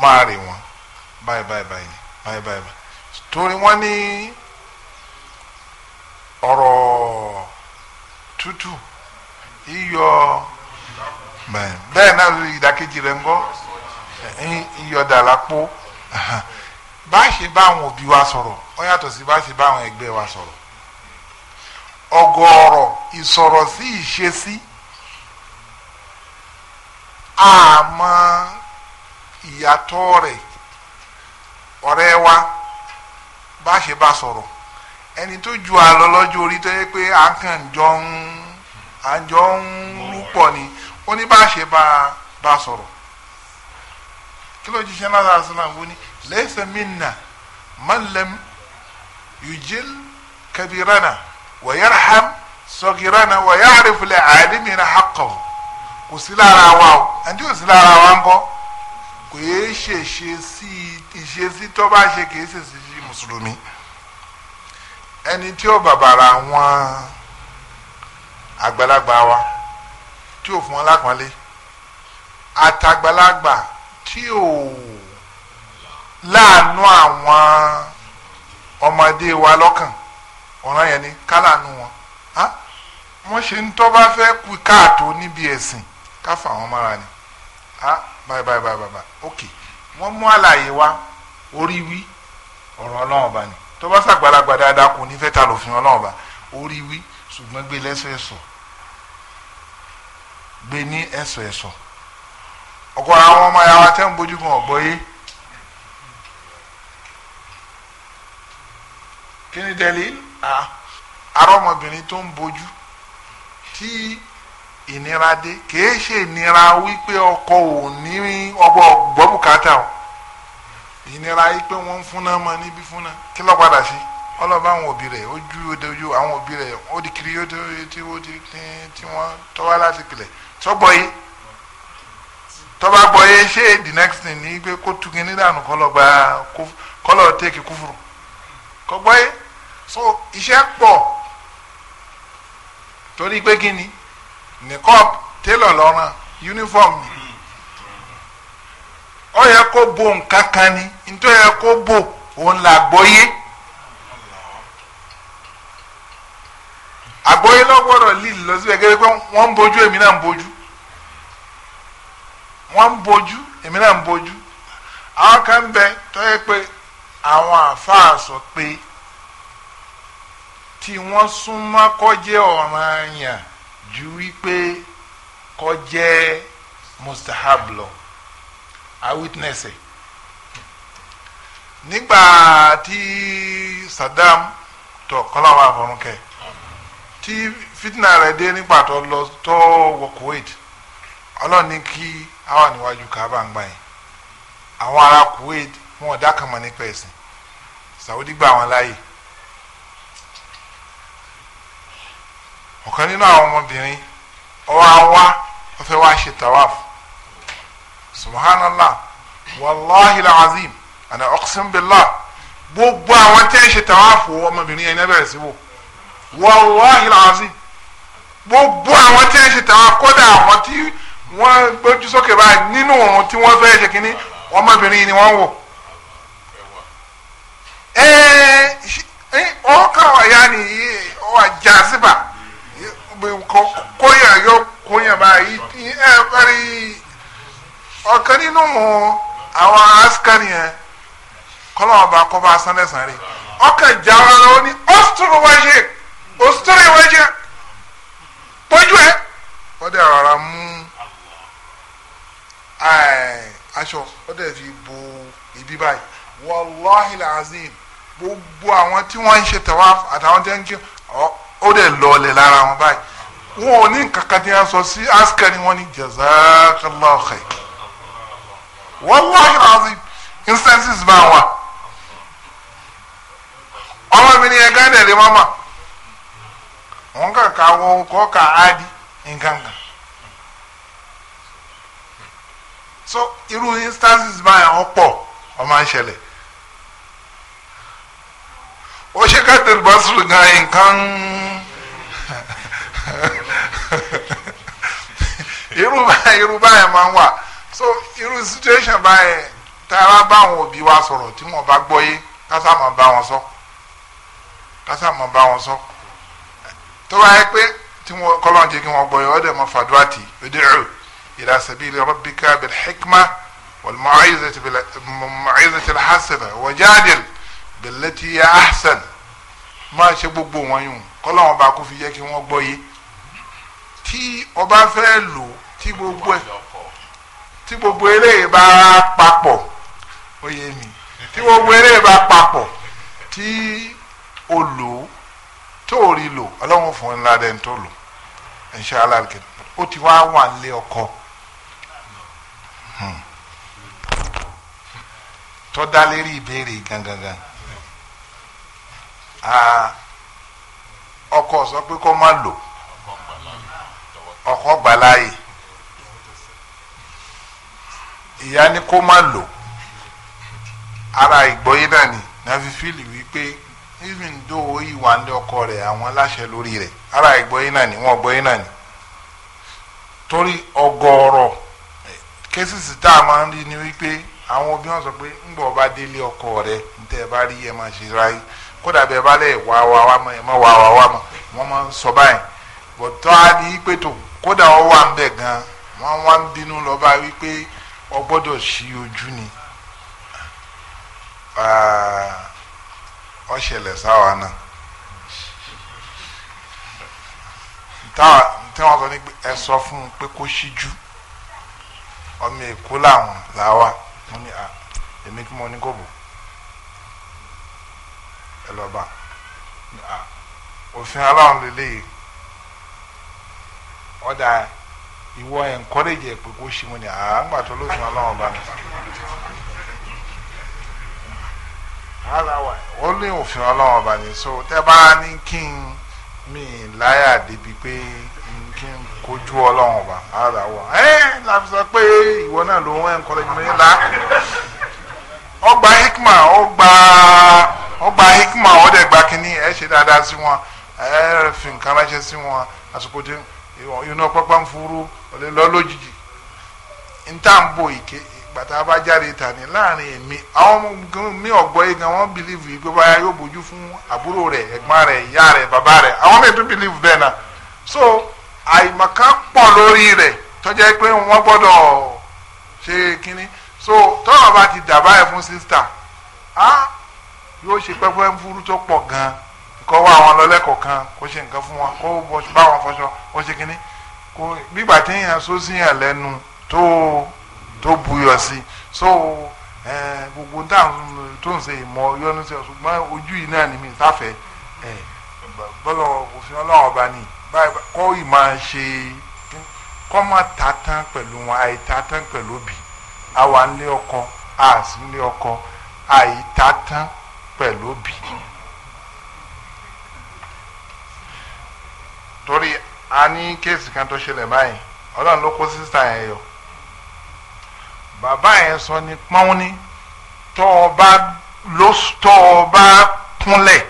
máa rè wọ́n báyìí báyìí báyìí ni báyìí báyìí báyìí torí wọ́n ní ọ̀rọ̀ tútù iyọ̀ bẹ́ẹ̀ náà lórí ìdákejì rẹ̀ ń gbọ́ ìyọ̀dà lápò bá ṣe bá àwọn òbí wa sọ̀rọ̀ ó yàtọ̀ sí bá ṣe bá àwọn ẹgbẹ́ wa sọ̀rọ̀ ọ̀gọ̀ọ̀rọ̀ ìsọ̀rọ̀ sí ìṣesí àmọ́ ìyàtọ̀ rẹ̀ ọ̀rẹ́ wa bá ṣe bá sọ̀rọ̀ ẹni tó ju àlọ́ lọ́jọ́ orí tó yẹ pé à jọ ń à ń jọ ń ni ó ní bá a ṣe bá a bá a sọ̀rọ̀ kí ló jíṣẹ́ náà àṣìlá ń wú ni laysa minna man lam yujil kabirana wa yarham sagirana wa ya'rif li alimina haqqahu kò sí lára wa o ẹni tí kò sí lára wa ń kọ́ kò yéé ṣèṣe sí ìṣesí tó bá ṣe kì í ṣèṣe sí mùsùlùmí tí ó bàbàrà àwọn àgbàlagbà wa tí ò fún wọn lápọ́nlé àtàgbàlagbà tí ò láàánú àwọn ọmọdé wa lọ́kàn ọ̀ràn yẹn ni kálánú wọn wọ́n ṣe ń tọ́ bá fẹ́ kú káàtó níbi ẹ̀sìn ká fà wọ́n mọ́ra ni báyìí báyìí báyìí báyìí ok wọ́n mú àlàyé wa orí wí ọ̀rọ̀ ọlọ́run ọba ni tó bá ṣàgbàlagbà dáadáa kò ní fẹ́ ta lòfin ọlọ́run ọba orí wí ṣùgbọ́n gbé lẹ́sẹ̀ sọ̀rọ̀ beni ẹsọ ẹsọ ọ̀gọ̀rọ̀ àwọn ọmọ yàrá tẹ ń bójú gan ọgbọ yé kí ni dẹlí ara ọmọbìnrin tó ń bójú tí ìnira dé kìí ṣe ìnira wípé ọkọ ò ní ọgbọ gbọbùkátà o ìnira yìí pé wọ́n ń fúnná mọ níbi fúnná kí ló padà sí ọlọ́ba àwọn òbí rẹ̀ ojú ojú àwọn òbí rẹ̀ ó di kiri ó ti tí wọ́n tọ́wá láti pilẹ̀ sọ́gbọ́ yìí tọ́ba gbọ́ yìí ṣé the next thing ni pé kó tukin nídàánú kọ́ lọ gba kọ́ lọ tẹ́kì kúfùrù kọ́ gbọ́ yìí so iṣẹ́ pọ̀ torí pé kí ni nìkọ́ télọ̀ lọ́rùn uniform ni ó yẹ kó bo nǹkan kan ni nítorí ó yẹ kó bo òun là gbọ́ yìí. àbọ̀yé lọ́gbọ́dọ̀ líì lọ síbẹ̀ gẹ́gẹ́ pé wọ́n ń bojú èmi náà ń bojú wọ́n ń bojú èmi náà ń bojú àwọn kan ń bẹ tó yẹ pé àwọn àáfàá sọ pé ju wípé kọjẹ́ mustahab lọ awitnessẹ̀ nígbà tí Saddam kọ́lá tí fitna rẹ̀ dé nígbà tó lọ tó wọ Kuwait ọlọ́run ní kí àwọn níwájú kaaba ń gbà yẹn àwọn ará Kuwait wọn ò dákàmọ́ nípa ẹ̀sìn Saudi gbà wọn láàyè ọ̀kan nínú àwọn ọmọbìnrin ọwọ́ àwa wọ́n fẹ́ wá ṣe tawaf subhanallah wàláhi alazim àná ọ̀kṣin billah gbogbo àwọn tẹ́ ṣe tawaf ọmọbìnrin yẹn ní ẹ sí wò wallahi alazim gbogbo àwọn tí ń ṣe tàwọn kódà àwọn tí wọ́n gbójú sókè báyìí nínú òun tí wọ́n fẹ́ ṣe kínní ọmọbìnrin yìí ni wọ́n wò. ọkà ọ̀yá ni ọ̀wà jàzíbà kóyà yọ kóyà báyìí ọ̀kan nínú àwọn asikari yẹn kọ́lọ́ ọba kọ́ba sanlẹ̀ sanlẹ̀ ọkà jáwé ló ní ọ́sítúrú wáṣẹ́ òsítọ́ ìwé jẹ pọ́jú ẹ wọ́n dẹ̀ rárá mú aṣọ wọ́n dẹ̀ fi bo ibi báyìí wàláhi làzim gbogbo àwọn tí wọ́n ń ṣe tawaf àtàwọn tí wọ́n ń ṣe ó dẹ̀ lọ́ọ̀lẹ̀ lára wọn báyìí wọn ò ní nǹkan kan tí wọ́n sọ sí askari wọn ni jazakallah khair wàláhi làzim instances bá wà ọmọ mi ni ẹ̀gá dẹ̀ wọn kàn ká wọn kọ́ ka adi nǹkan so irú instances ba ya pọ̀ wọn máa ń ṣẹlẹ̀ ó ṣe ká tẹ̀lé bá sùn gan nǹkan irú báyà irú báyà máa so irú situation ba ya a bá bá àwọn òbí wa sọ̀rọ̀ tí wọ́n bá gbọ́ yé ká sá máa bá wọn sọ ká sá máa bá So tó bá yẹ pé tí wọn kọlọ́n jẹ́ kí wọ́n gbọ́ yọ ọ́ dẹ̀ mọ́ fàdúrà tì ud'u ila sabili rabbika bil hikma wal mau'izati al hasana wajadil billati hiya ahsan máa ṣe gbogbo wọn yùn kọlọ́n ọba kò fi jẹ́ kí wọ́n gbọ́ yé tí ọba fẹ́ lò tí gbogbo eléyìí bá papọ̀ ó mi tí gbogbo eléyìí bá papọ̀ tí o tó lò ọlọ́run fún ńlá dẹ́n tó lò insha ó ti wá wà lé ọkọ hmm. tó dá lérí ìbéèrè gangan ọkọ sọ pé kó má lò ọkọ ni kó má lò ara ìgbọ́yé náà ni fi wípé even though ìwà ndé ọkọ rẹ àwọn aláṣẹ lórí ara ìgbọ́yé náà ni wọ́n gbọ́yé náà ni torí ọgọrọ késìsì eh, tá a máa ń rí ni wípé àwọn obìnrin sọ pé délé ọkọ rẹ ntẹ́ bá rí ẹ máa ṣe ráyé kódà bẹ́ẹ̀ bá lẹ̀ wá wá wá mọ́ ẹ má wá wá wá mọ́ wọ́n máa ń sọ báyìí bọ̀tọ́ á pé tó kódà wọ́n wà ń bẹ̀ gan wọ́n wá ń bínú wípé ọgbọ́dọ̀ ni. Ah, ó ṣẹlẹ̀ sáwa náà tí sọ ní ẹsọ fún pé kó ọmọ èkó làwọn làwà wọ́n ní à èmi kí mo ní kò bò ẹ lọ bá à òfin aláwọn ìwọ pé kó ṣí mo ní à ń gbà tó lófin aláwọn ara o ó ní òfin ọlọ́run ọba ni so tẹ́ bá ní kí n mi láyà débi pé kí n kojú ọlọ́run ọba ara wa ẹ láti sọ pé ìwọ náà ló ń encourage mi la ọgbà hikma ọgbà ọgbà hikma ọdẹ gba kínní ẹ ṣe dáadáa sí wọn ẹ fi nǹkan ránṣẹ́ sí wọn àsìkò tí iná pápá ń furu ọ̀lẹ́ lọ lójijì ń ìké gbàtà bá jáde tà láàrin èmi àwọn mi ọ̀gbọ́ yìí gan wọ́n bìlíìfù yìí pé báyà yóò bójú fún àbúrò rẹ ẹ̀gbọ́n rẹ ìyá rẹ bàbá rẹ àwọn mi tún bìlíìfù náà so àìmọ̀kan pọ̀ lórí rẹ tọ́jà pé wọ́n gbọ́dọ̀ ṣe kínní so tọ́lọ̀ bá ti dà báyìí fún sísítà á yóò ṣe pẹ́pẹ́ fúru tó gan kó wá àwọn lọ́lẹ́kọ̀ọ́ kan kó ṣe nǹkan fún wa kó bá wọn fọṣọ kó ṣe kínní tó tó buyọ̀ sí so gbogbo táwọn tó ń ṣe ìmọ̀ yọnu sí ọ̀ṣùgbọ́n ojú yìí náà ni mi sáfẹ́ bọ́lọ̀ òfin ọlọ́run ọba ni kọ́ ìmọ̀ ṣe kọ́ má ta tán pẹ̀lú wọn àìta tán pẹ̀lú òbí àwa ń lé ọkọ àásì ń lé ọkọ àìta tán pẹ̀lú òbí. torí a ní kéèsì kan tó ṣẹlẹ̀ báyìí ọlọ́run ló kó sísá yẹn yọ bàbá yẹn sọ ni pọ́n ni tọ́ ọ bá ló tọ́ ọ bá kúnlẹ̀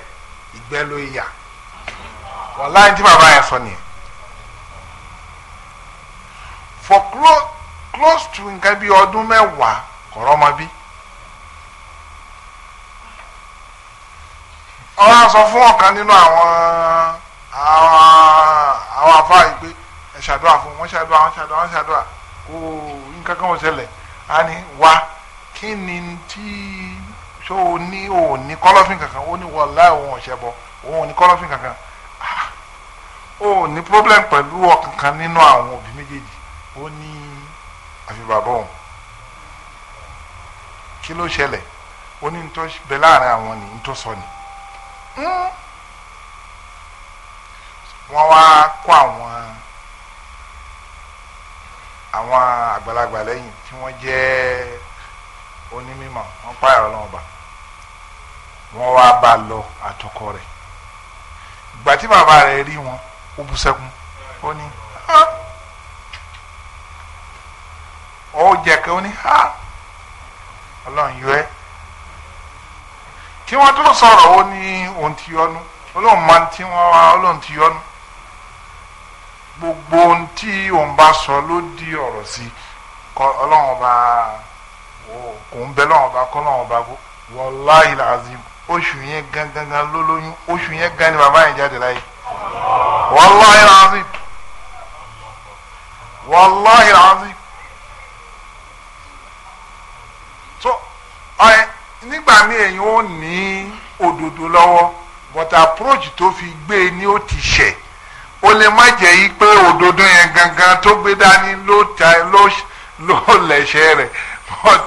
ìgbẹ́ ló yà wàláyé tí bàbá yẹn sọ nìyẹn for close, close to nǹkan bíi ọdún mẹ́wàá kọ̀rọ̀ ọmọ bí. ọlọ́run sọ fún ọ̀kan nínú àwọn àwọn àfáà yìí pé ẹ̀ ṣàdúrà fún wọn ṣàdúrà wọn ṣàdúrà wọn ṣàdúrà kó nǹkan kan ò ṣẹlẹ̀ a ní wa kí ni tí ṣó o ní o ní kọ́lọ́fín kankan ó ní wọlá òun ọ̀ṣẹ́ bọ òun ní kọ́lọ́fín kankan ah, ó ní problem pẹ̀lú ọ̀kan kan nínú àwọn òbí méjèèjì ó ní àfi bàbá òun kí ló ṣẹlẹ̀ ó ní tó bẹ láàrin àwọn ní tó sọ ni hmm. wọ́n wá kó àwọn àwọn àgbàlagbà lẹ́yìn tí wọ́n jẹ́ onímọ̀ wọ́n pààyà ọlọ́run ọba wọ́n wá bá lọ àtọkọ rẹ̀ ìgbà tí bàbá rẹ̀ rí wọn ó bú sẹ́kún ó ní ó jẹ kẹ́ ó ní ha ọlọ́run yọ ẹ́ tí wọ́n tó sọ̀rọ̀ ó ní ohun ti yọnu ọlọ́run máa ń tí wọ́n wá ọlọ́run ti yọnu gbogbo ohun tí òun bá sọ ló di ọ̀rọ̀ sí ọlọ́run ọba kò ń bẹ lọ́run ọba kọ́ lọ́run ọba wọláì làzim oṣù yẹn gangan ló lóyún oṣù yẹn gan ni bàbá yẹn jáde láyé wọláì làzim wọláì làzim so ọ̀ẹ́ nígbà míì èyàn ò ní òdodo lọ́wọ́ but approach tó fi gbé e ni ó ti ṣẹ̀ ó lè má jẹ́ yí pé òdodo yẹn gangan tó gbé dání ló ta ló lẹ̀ṣẹ̀ rẹ̀ but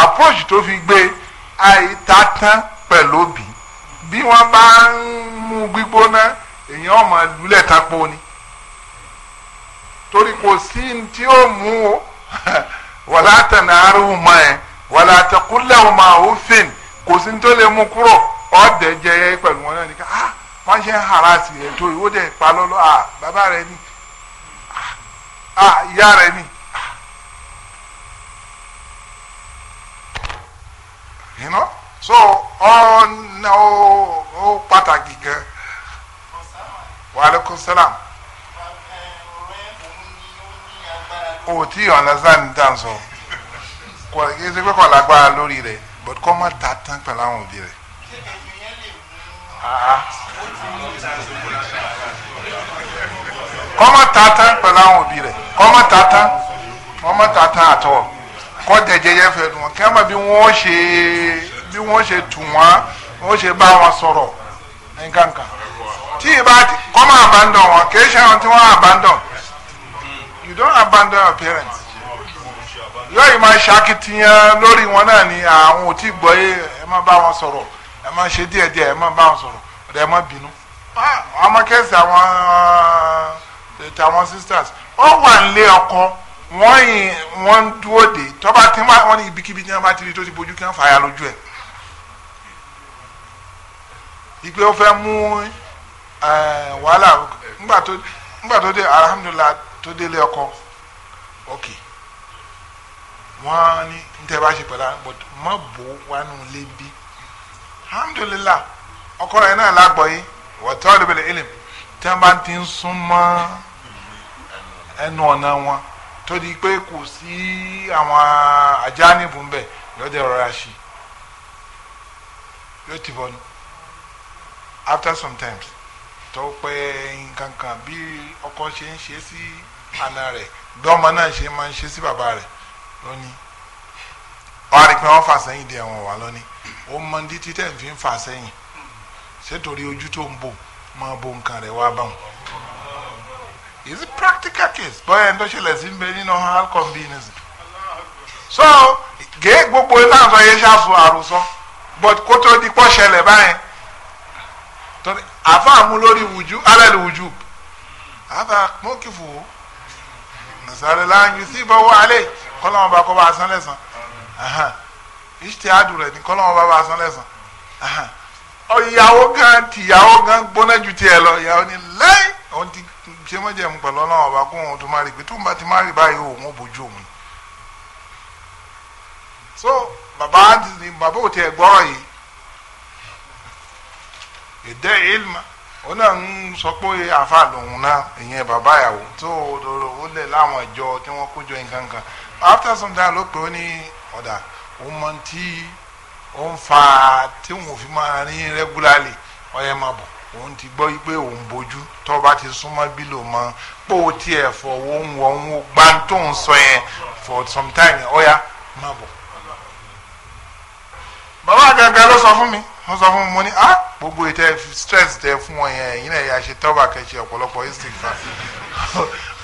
approach tó fi gbé àìtatán pẹ̀lú òbí bí wọ́n bá ń mú gbígbóná èèyàn ọmọ lulẹ̀ tapo ni torí kò sí tí ó mú o wàlá tẹ̀nà arúgbó mọ́ ẹ wàlá tẹ̀kúlẹ̀ ọmọ òfin kò sí tó lè mú kúrò ọ̀dẹ̀ jẹ́ pẹ̀lú wọn náà nìkan ah wọ́n ṣe ń harasi rẹ̀ torí ó dẹ̀ pa lọ́lọ́ à bàbá rẹ̀ ni à ìyá rẹ̀ ni. You know? so ọ na ó pàtàkì gan wàlẹ́kùn sálàm o ti ọ̀nàzán dàn sọ kò ẹ ṣe pé kò lágbára lórí rẹ̀ bọ́dúkọ́ má ta tán pẹ̀lú àwọn òbí rẹ̀ kọ́mọ tata pẹ̀lú àwọn òbí rẹ̀ kọ́mọ tata kọ́mọ tata àtọ̀ kọ́ dẹ̀jẹ̀jẹ̀ fẹ́ dùn kí wọ́n bí wọ́n ṣe bí wọ́n ṣe tù wọ́n wọ́n ṣe bá wọn sọ̀rọ̀ nǹkankan tí ìbá kọ́mọ abandon wọn kì í ṣe àwọn abandon you don't abandon your parents yóò yìí máa ṣakitiyan lórí wọn náà ni àwọn ò tí gbọ́ yé ẹ má bá wọn sọ̀rọ̀ ẹ máa ṣe díẹ̀ díẹ̀ ẹ máa bá wọn sọ̀rọ̀ ọ̀dọ̀ ẹ máa bínú ọmọ kẹsì àwọn eh, tàwọn sisters wọ́n wà nílé ọkọ wọ́n yìn wọ́n ń dúró dé tọ́ba tí wọ́n ní ibikíbi tí wọ́n bá ti rí tó ti bójú kí wọ́n fàyà lójú ẹ̀ ìgbé ó fẹ́ mú eh, wàhálà nígbà tó dé alhamdulilah tó délé ọkọ ok wọ́n ní ní tẹ́ bá ṣe pẹ̀lú àwọn bọ̀dọ̀ mọ́ bò wánú lé bíi. alhamdulilah ọkọ rẹ náà lágbọ yìí wọ́n tọ́ ló bá ti ń ẹnu ọ̀nà wọn tó di pé kò sí àwọn ajá níbùn rọra yóò ti after some times tó pẹ́ nǹkan ọkọ ṣe ń ṣe sí àna rẹ̀ bí ọmọ náà ṣe máa ń ṣe sí bàbá rẹ̀ lónìí wọ́n á fà sẹ́yìn ó mọ títí tẹ̀ ń fi fà sẹ́yìn ṣètòrí ojú tó ń bò máa bo nǹkan rẹ̀ wá bá is it practical case bọ́yá ẹni tó ṣẹlẹ̀ sí ń bẹ nínú alcohol business. so gé gbogbo láǹfà yẹn ṣàfù àròsọ but kó tó di pọ́ ṣẹlẹ̀ báyẹn torí àfàmú lórí wùjú alẹ́ lè wùjú àfà mọ́kìfù o nàṣàlẹ̀ láàyè sí ìbọ̀wọ́ alẹ́ kọ́lọ́mọba kọ́ bá a san lẹ́sàn-án ìṣtíhádù rẹ̀ ní kọ́lọ́mọ bá bá san lẹ́sàn ìyàwó gan tìyàwó gan gbóná ju tiẹ̀ lọ ìyàwó ni lẹ́yìn òun ti ṣe mọ́jẹ̀mú pẹ̀lú ọlọ́run ọba kó òun tó má rí pé tóun bá ti má rí báyìí òun ò bójú òun so bàbá ni bàbá ò tiẹ̀ gbọ́rọ̀ yìí èdè ilma ó náà ń sọ pé àfa lòun náà ìyẹn bàbá ìyàwó tó ó lẹ̀ láwọn ìjọ tí wọ́n kó jọ nǹkan kan after some time ló pè ó ní ọ̀dà òun mọ tí òun fi máa rin regularly ọyẹ máa bọ̀ òun ti gbọ́ pé òun bójú tó ti súnmọ́ bí lò mọ́ pò tiẹ̀ fọ òun wọ òun gbá tó ń sọ yẹn for some time ọ̀ya máa bọ̀. bàbá gàgà ló sọ fún mi wọ́n sọ fún mi mo ní ah gbogbo ètò stress tẹ fún wọn yẹn yìí náà ṣe tọ́ba kẹ́ṣe ọ̀pọ̀lọpọ̀ istik fa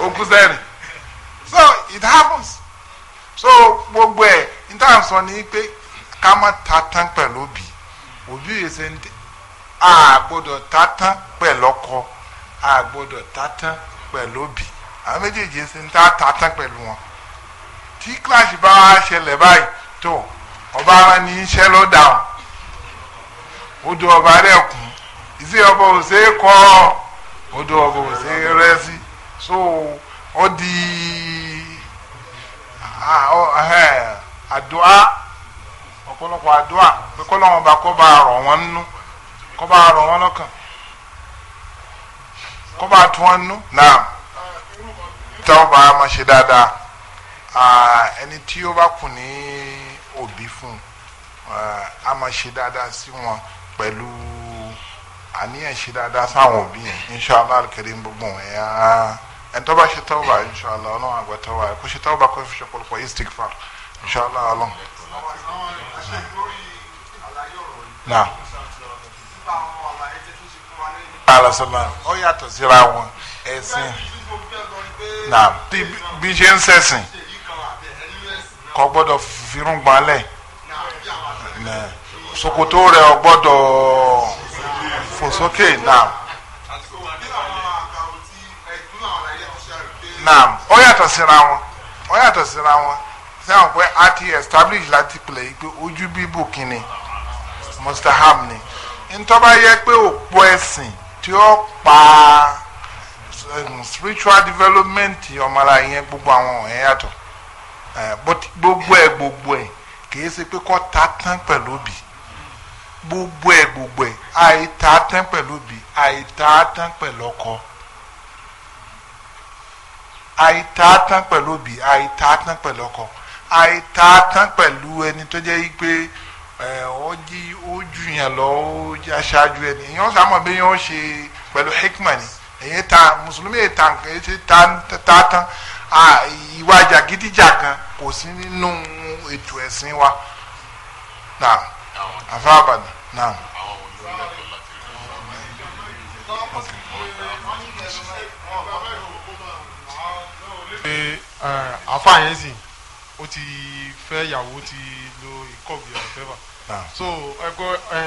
okú sẹ́rìn so it happens so gbogbo ẹ̀ níta sọ ni pé ká má ta tán pẹ̀lú òbí òbí yìí ṣe ń tẹ a gbọ́dọ̀ ta tán pẹ̀lú ọkọ a gbọ́dọ̀ ta tán pẹ̀lú òbí àwọn méjèèjì ṣe ń ta ta tán pẹ̀lú wọn tí kíláàsì bá wá ṣẹlẹ̀ báyìí tó ọba ara ní iṣẹ́ ló dà ọ́ odò ọba rẹ̀ kún ìsì ọba ò ṣe é kọ́ odò ọba ò ṣe é rẹ́ sí so ó di àdúà ọ̀pọ̀lọpọ̀ àdúà pé kọ́lọ́wọ́n bá kọ́ bá rọ̀ wọ́n nú kọ́ bá rọ̀ wọ́n lọ́kàn kọ́ bá tún wọ́n nú náà táwọn bá máa ṣe dáadáa ẹni tí ó bá kù ní òbí fún a máa ṣe dáadáa sí wọn pẹ̀lú àníyàn ṣe dáadáa sáwọn òbí yẹn inṣàlá kẹrin gbogbo wọn ẹnitọ́ bá ṣe tọ́ba inṣàlá ọlọ́run àgbà tọ́ba kó ṣe tọ́ba kó fi ṣe pọ̀lọpọ̀ istikfar inṣàlá ọlọ́run. na alasana ó yàtọ̀ síra wọn ẹ̀sìn na bí ṣe ń sẹ̀sìn kò gbọ́dọ̀ fìrùngbọ̀nlẹ̀ ṣòkòtò rẹ̀ ò gbọ́dọ̀ fòsókè náà. naam ó yàtọ̀ síra wọn ó yàtọ̀ síra wọn sẹ́wọ̀n pé a ti establish láti pèlè pé ojú bíbù kínni mustahab ni ntọ́ba yẹ pé òpó ẹ̀sìn tí ó pa um, spiritual development ọmọlára yẹn gbogbo àwọn ọ̀hún yàtọ̀ eh, gbogbo ẹ̀ gbogbo ẹ̀ kìí ṣe pé kọ́ ta tán pẹ̀lú òbí gbogbo ẹ̀ gbogbo ẹ̀ àìta tán pẹ̀lú òbí àìta tán pẹ̀lú ọkọ àìtaatán pẹ̀lú òbí àìtaatán pẹ̀lú ọkọ àìtaatán pẹ̀lú ẹni tó jẹ́ pé ó jí ó jù yàn lọ ó jẹ́ aṣáájú ẹni èyàn sàmọ̀ bí yàn ó ṣe pẹ̀lú hikma ni èyí ta mùsùlùmí èyí ta nǹkan èyí ta taatán ìwà jàgídíjàgan kò sí nínú ètò ẹ̀sìn wa naam afábàdàn naam. Okay pé àfa yẹn sì ó ti fẹ́ ìyàwó ti lo ìkọ̀wé ọ̀rọ̀ fẹ́fà so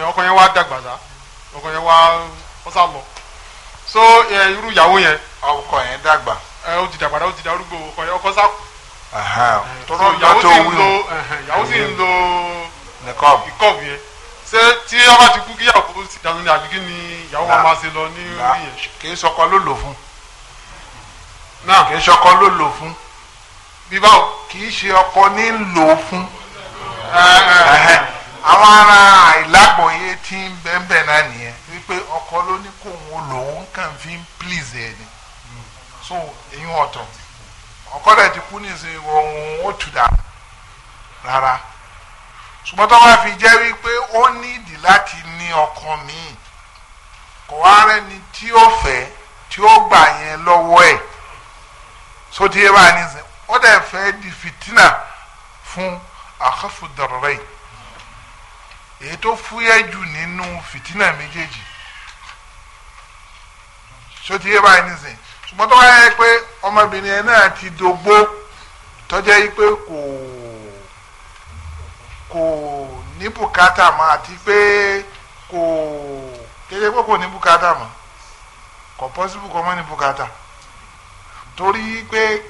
ọkọ yẹn wá dàgbà sá ọkọ yẹn wá ó sá lọ so irú ìyàwó yẹn. ọkọ yẹn dàgbà. ó ti dàgbà ó ti darúgbó ọkọ yẹn ọkọ sá kù. tọrọ ìyàwó ń lo ìyàwó sì ń lo ìkọ̀wé yẹn ṣé tí ọba ti kú kíyàwó sì dànù ní àbí kí ni ìyàwó máa ṣe lọ ní orí yẹn. kì í sọkọ ló lò fún un náà kì í ṣe ọkọ ló lò fún bíbá o kì í ṣe ọkọ ní lò fún àwọn ará àìlágbọ̀nyé tí ń bẹ́ẹ̀nbẹ́ẹ̀ náà nìyẹn wípé ọkọ ló ní kó òun lò ó kàn fi ń please ẹ̀ ni so èyí ọ̀tọ̀ ọkọ rẹ̀ ti kú nísìnyí òun ó tù dà rárá ṣùgbọ́n tó wá fi jẹ́ wípé ó nídìí láti ní ọkọ míì kò wá rẹ́ni tí ó fẹ́ tí ó gbà yẹn lọ́wọ́ ẹ̀ so tí yẹ báyìí nìyẹn ó dẹ̀ fẹ́ di fìtínà fún àkọ́fù dọ̀rọ̀rẹ́ yìí èyí tó fúyẹ́ jù nínú fìtínà méjèèjì so tí yẹ báyìí nìyẹn ṣùgbọ́n tó wáyé pé ọmọbìnrin yẹn náà ti dògbó tọ́jẹ́ yìí pé kò kò ní bùkátà mọ́ àti pé kò kéde pé kò ní kata mọ́ kò pọ́sibú kò mọ́ ní torí pé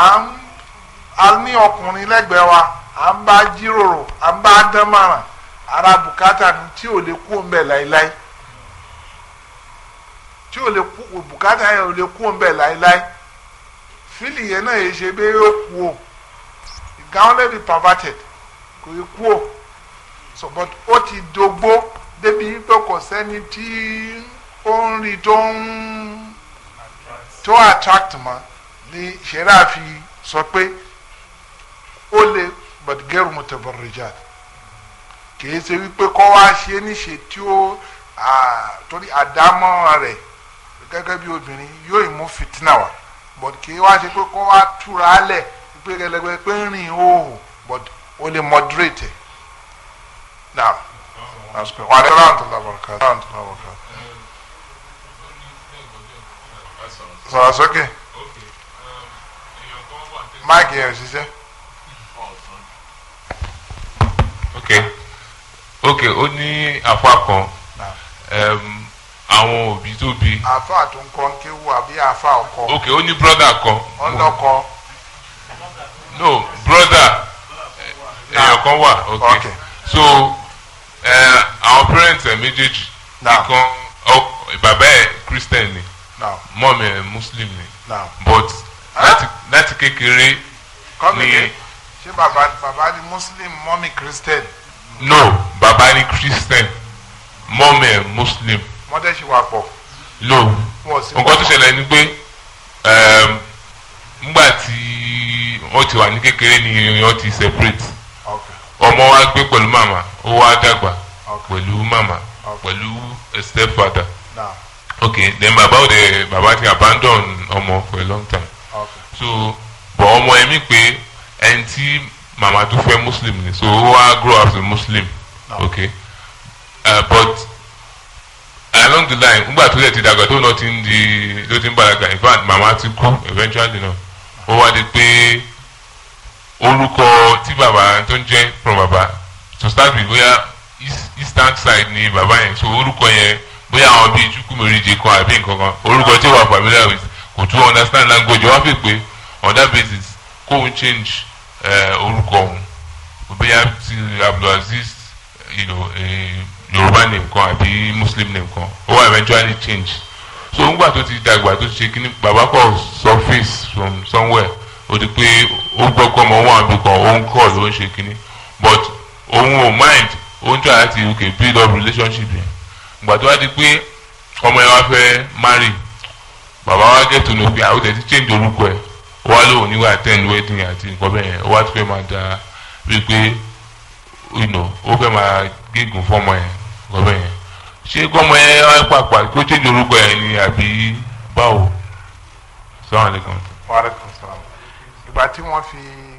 à ń a ní ọkùnrin lẹ́gbẹ̀ẹ́ wa à ń bá jíròrò à ń bá ara bùkátà ni tí ò lè kú ń bẹ̀ láéláé tí ò lè kú bùkátà yẹn ò lè kú ń bẹ̀ láéláé fílì yẹn náà yẹ ṣe yóò kú o ìgáwọn lè bi perverted kò yẹ kú o so but ti dogbo débi pé kò sẹ́ni tí ó ń rí tó attract mọ́ ní ṣẹlẹ̀ àfi sọ pé ó lè bàdìgẹ́rù mọ̀tẹ́bọ̀rẹ̀jà kìí ṣe wípé kọ́ wá ṣe níṣe tí ó torí àdámọ́ rẹ̀ gẹ́gẹ́ bí obìnrin yóò mú fìtínà wá but kìí wá ṣe pé kọ́ wá túra lẹ̀ pé gẹlẹgbẹ pé ń rìn hóhùn but ó lè moderate now. Wa alaykum salaam wa rahmatullahi wa barakatuh sọ̀rọ̀ sókè máìkì yẹn ò ṣiṣẹ́. ok ok ó ní apá kan àwọn òbí tó bí. àfa tó ń kọ́ ń ké wù àbí àfa ọkọ. ok ó ní brọ́dà kan. ọlọ́kọ. no brọ́dà èèyàn kan wà ok, okay. so eh, àwọn parents ẹ̀ méjèèjì. ìkan bàbá ẹ̀ christian ni mọ́mi ẹ̀ muslim ni but láti kékeré ni. ṣé bàbá bàbá ni muslim mọ́mi christian. no bàbá ni christian mọ́mi ẹ̀ muslim. mọ́tẹ́ ṣe wà pọ̀. no nǹkan tó ṣẹlẹ̀ ni pé um, nígbà tí wọ́n ti wà ní kékeré ni wọ́n ti separate ọmọ wa gbé pẹ̀lú màmá ó wá dàgbà pẹ̀lú màmá pẹ̀lú step father. Nah okay then bàbá òde bàbá ti abandon ọmọ for a long time okay. so but ọmọ ẹ̀ mi pé ẹni tí màmá tó fẹ́ muslim ni so ó wá grow up as a muslim no. okay uh, but along the line ngbà to lè ti dàgbà tó náà ti ń di ló ti ń bàlágà in fact mama ti kú eventually náà ó wá di pé orúkọ tí bàbá tó ń jẹ́ from baba. to start with bóyá eastern side ni baba. yẹn so orúkọ yẹn bóyá àwọn bíi chukwumerije kan àbí nǹkankan orúkọ tí wà familiar with kò tún understand language wá fi pé on that basis kóun change eh, orúkọ òun bóyá ti abdulaziz eh, yorùbá name kan àbí muslim name kan ó wà eventually change so ńgbà tó ti dàgbà tó ti ṣe kíní bàbá kọ surface from somewhere ó di pé ó gbọ́ kọ́ ọmọ wọn àbí kan ó ń kọ́ ló ń ṣe kíní but òun ò mind ó ń try láti okay build up relationship yẹn gbàtí wá di pé ọmọ yẹn wá fẹ́ marry bàbá wa gẹ̀tù ní òfin àwọn tẹ̀sí change orúkọ ẹ̀ wá lóun níwà attend wedding àti nǹkan bẹ́ẹ̀ yẹn wá ti fẹ́ máa da bíi pé ó fẹ́ máa gígùn fọ́mọ yẹn nǹkan bẹ́ẹ̀ yẹn ṣé kọ́mọ yẹn wá pàpà kó change orúkọ ẹ̀ ni àbí báwo. sàlámù alaykum. wa aleykum salaam. ìgbà tí wọ́n fi.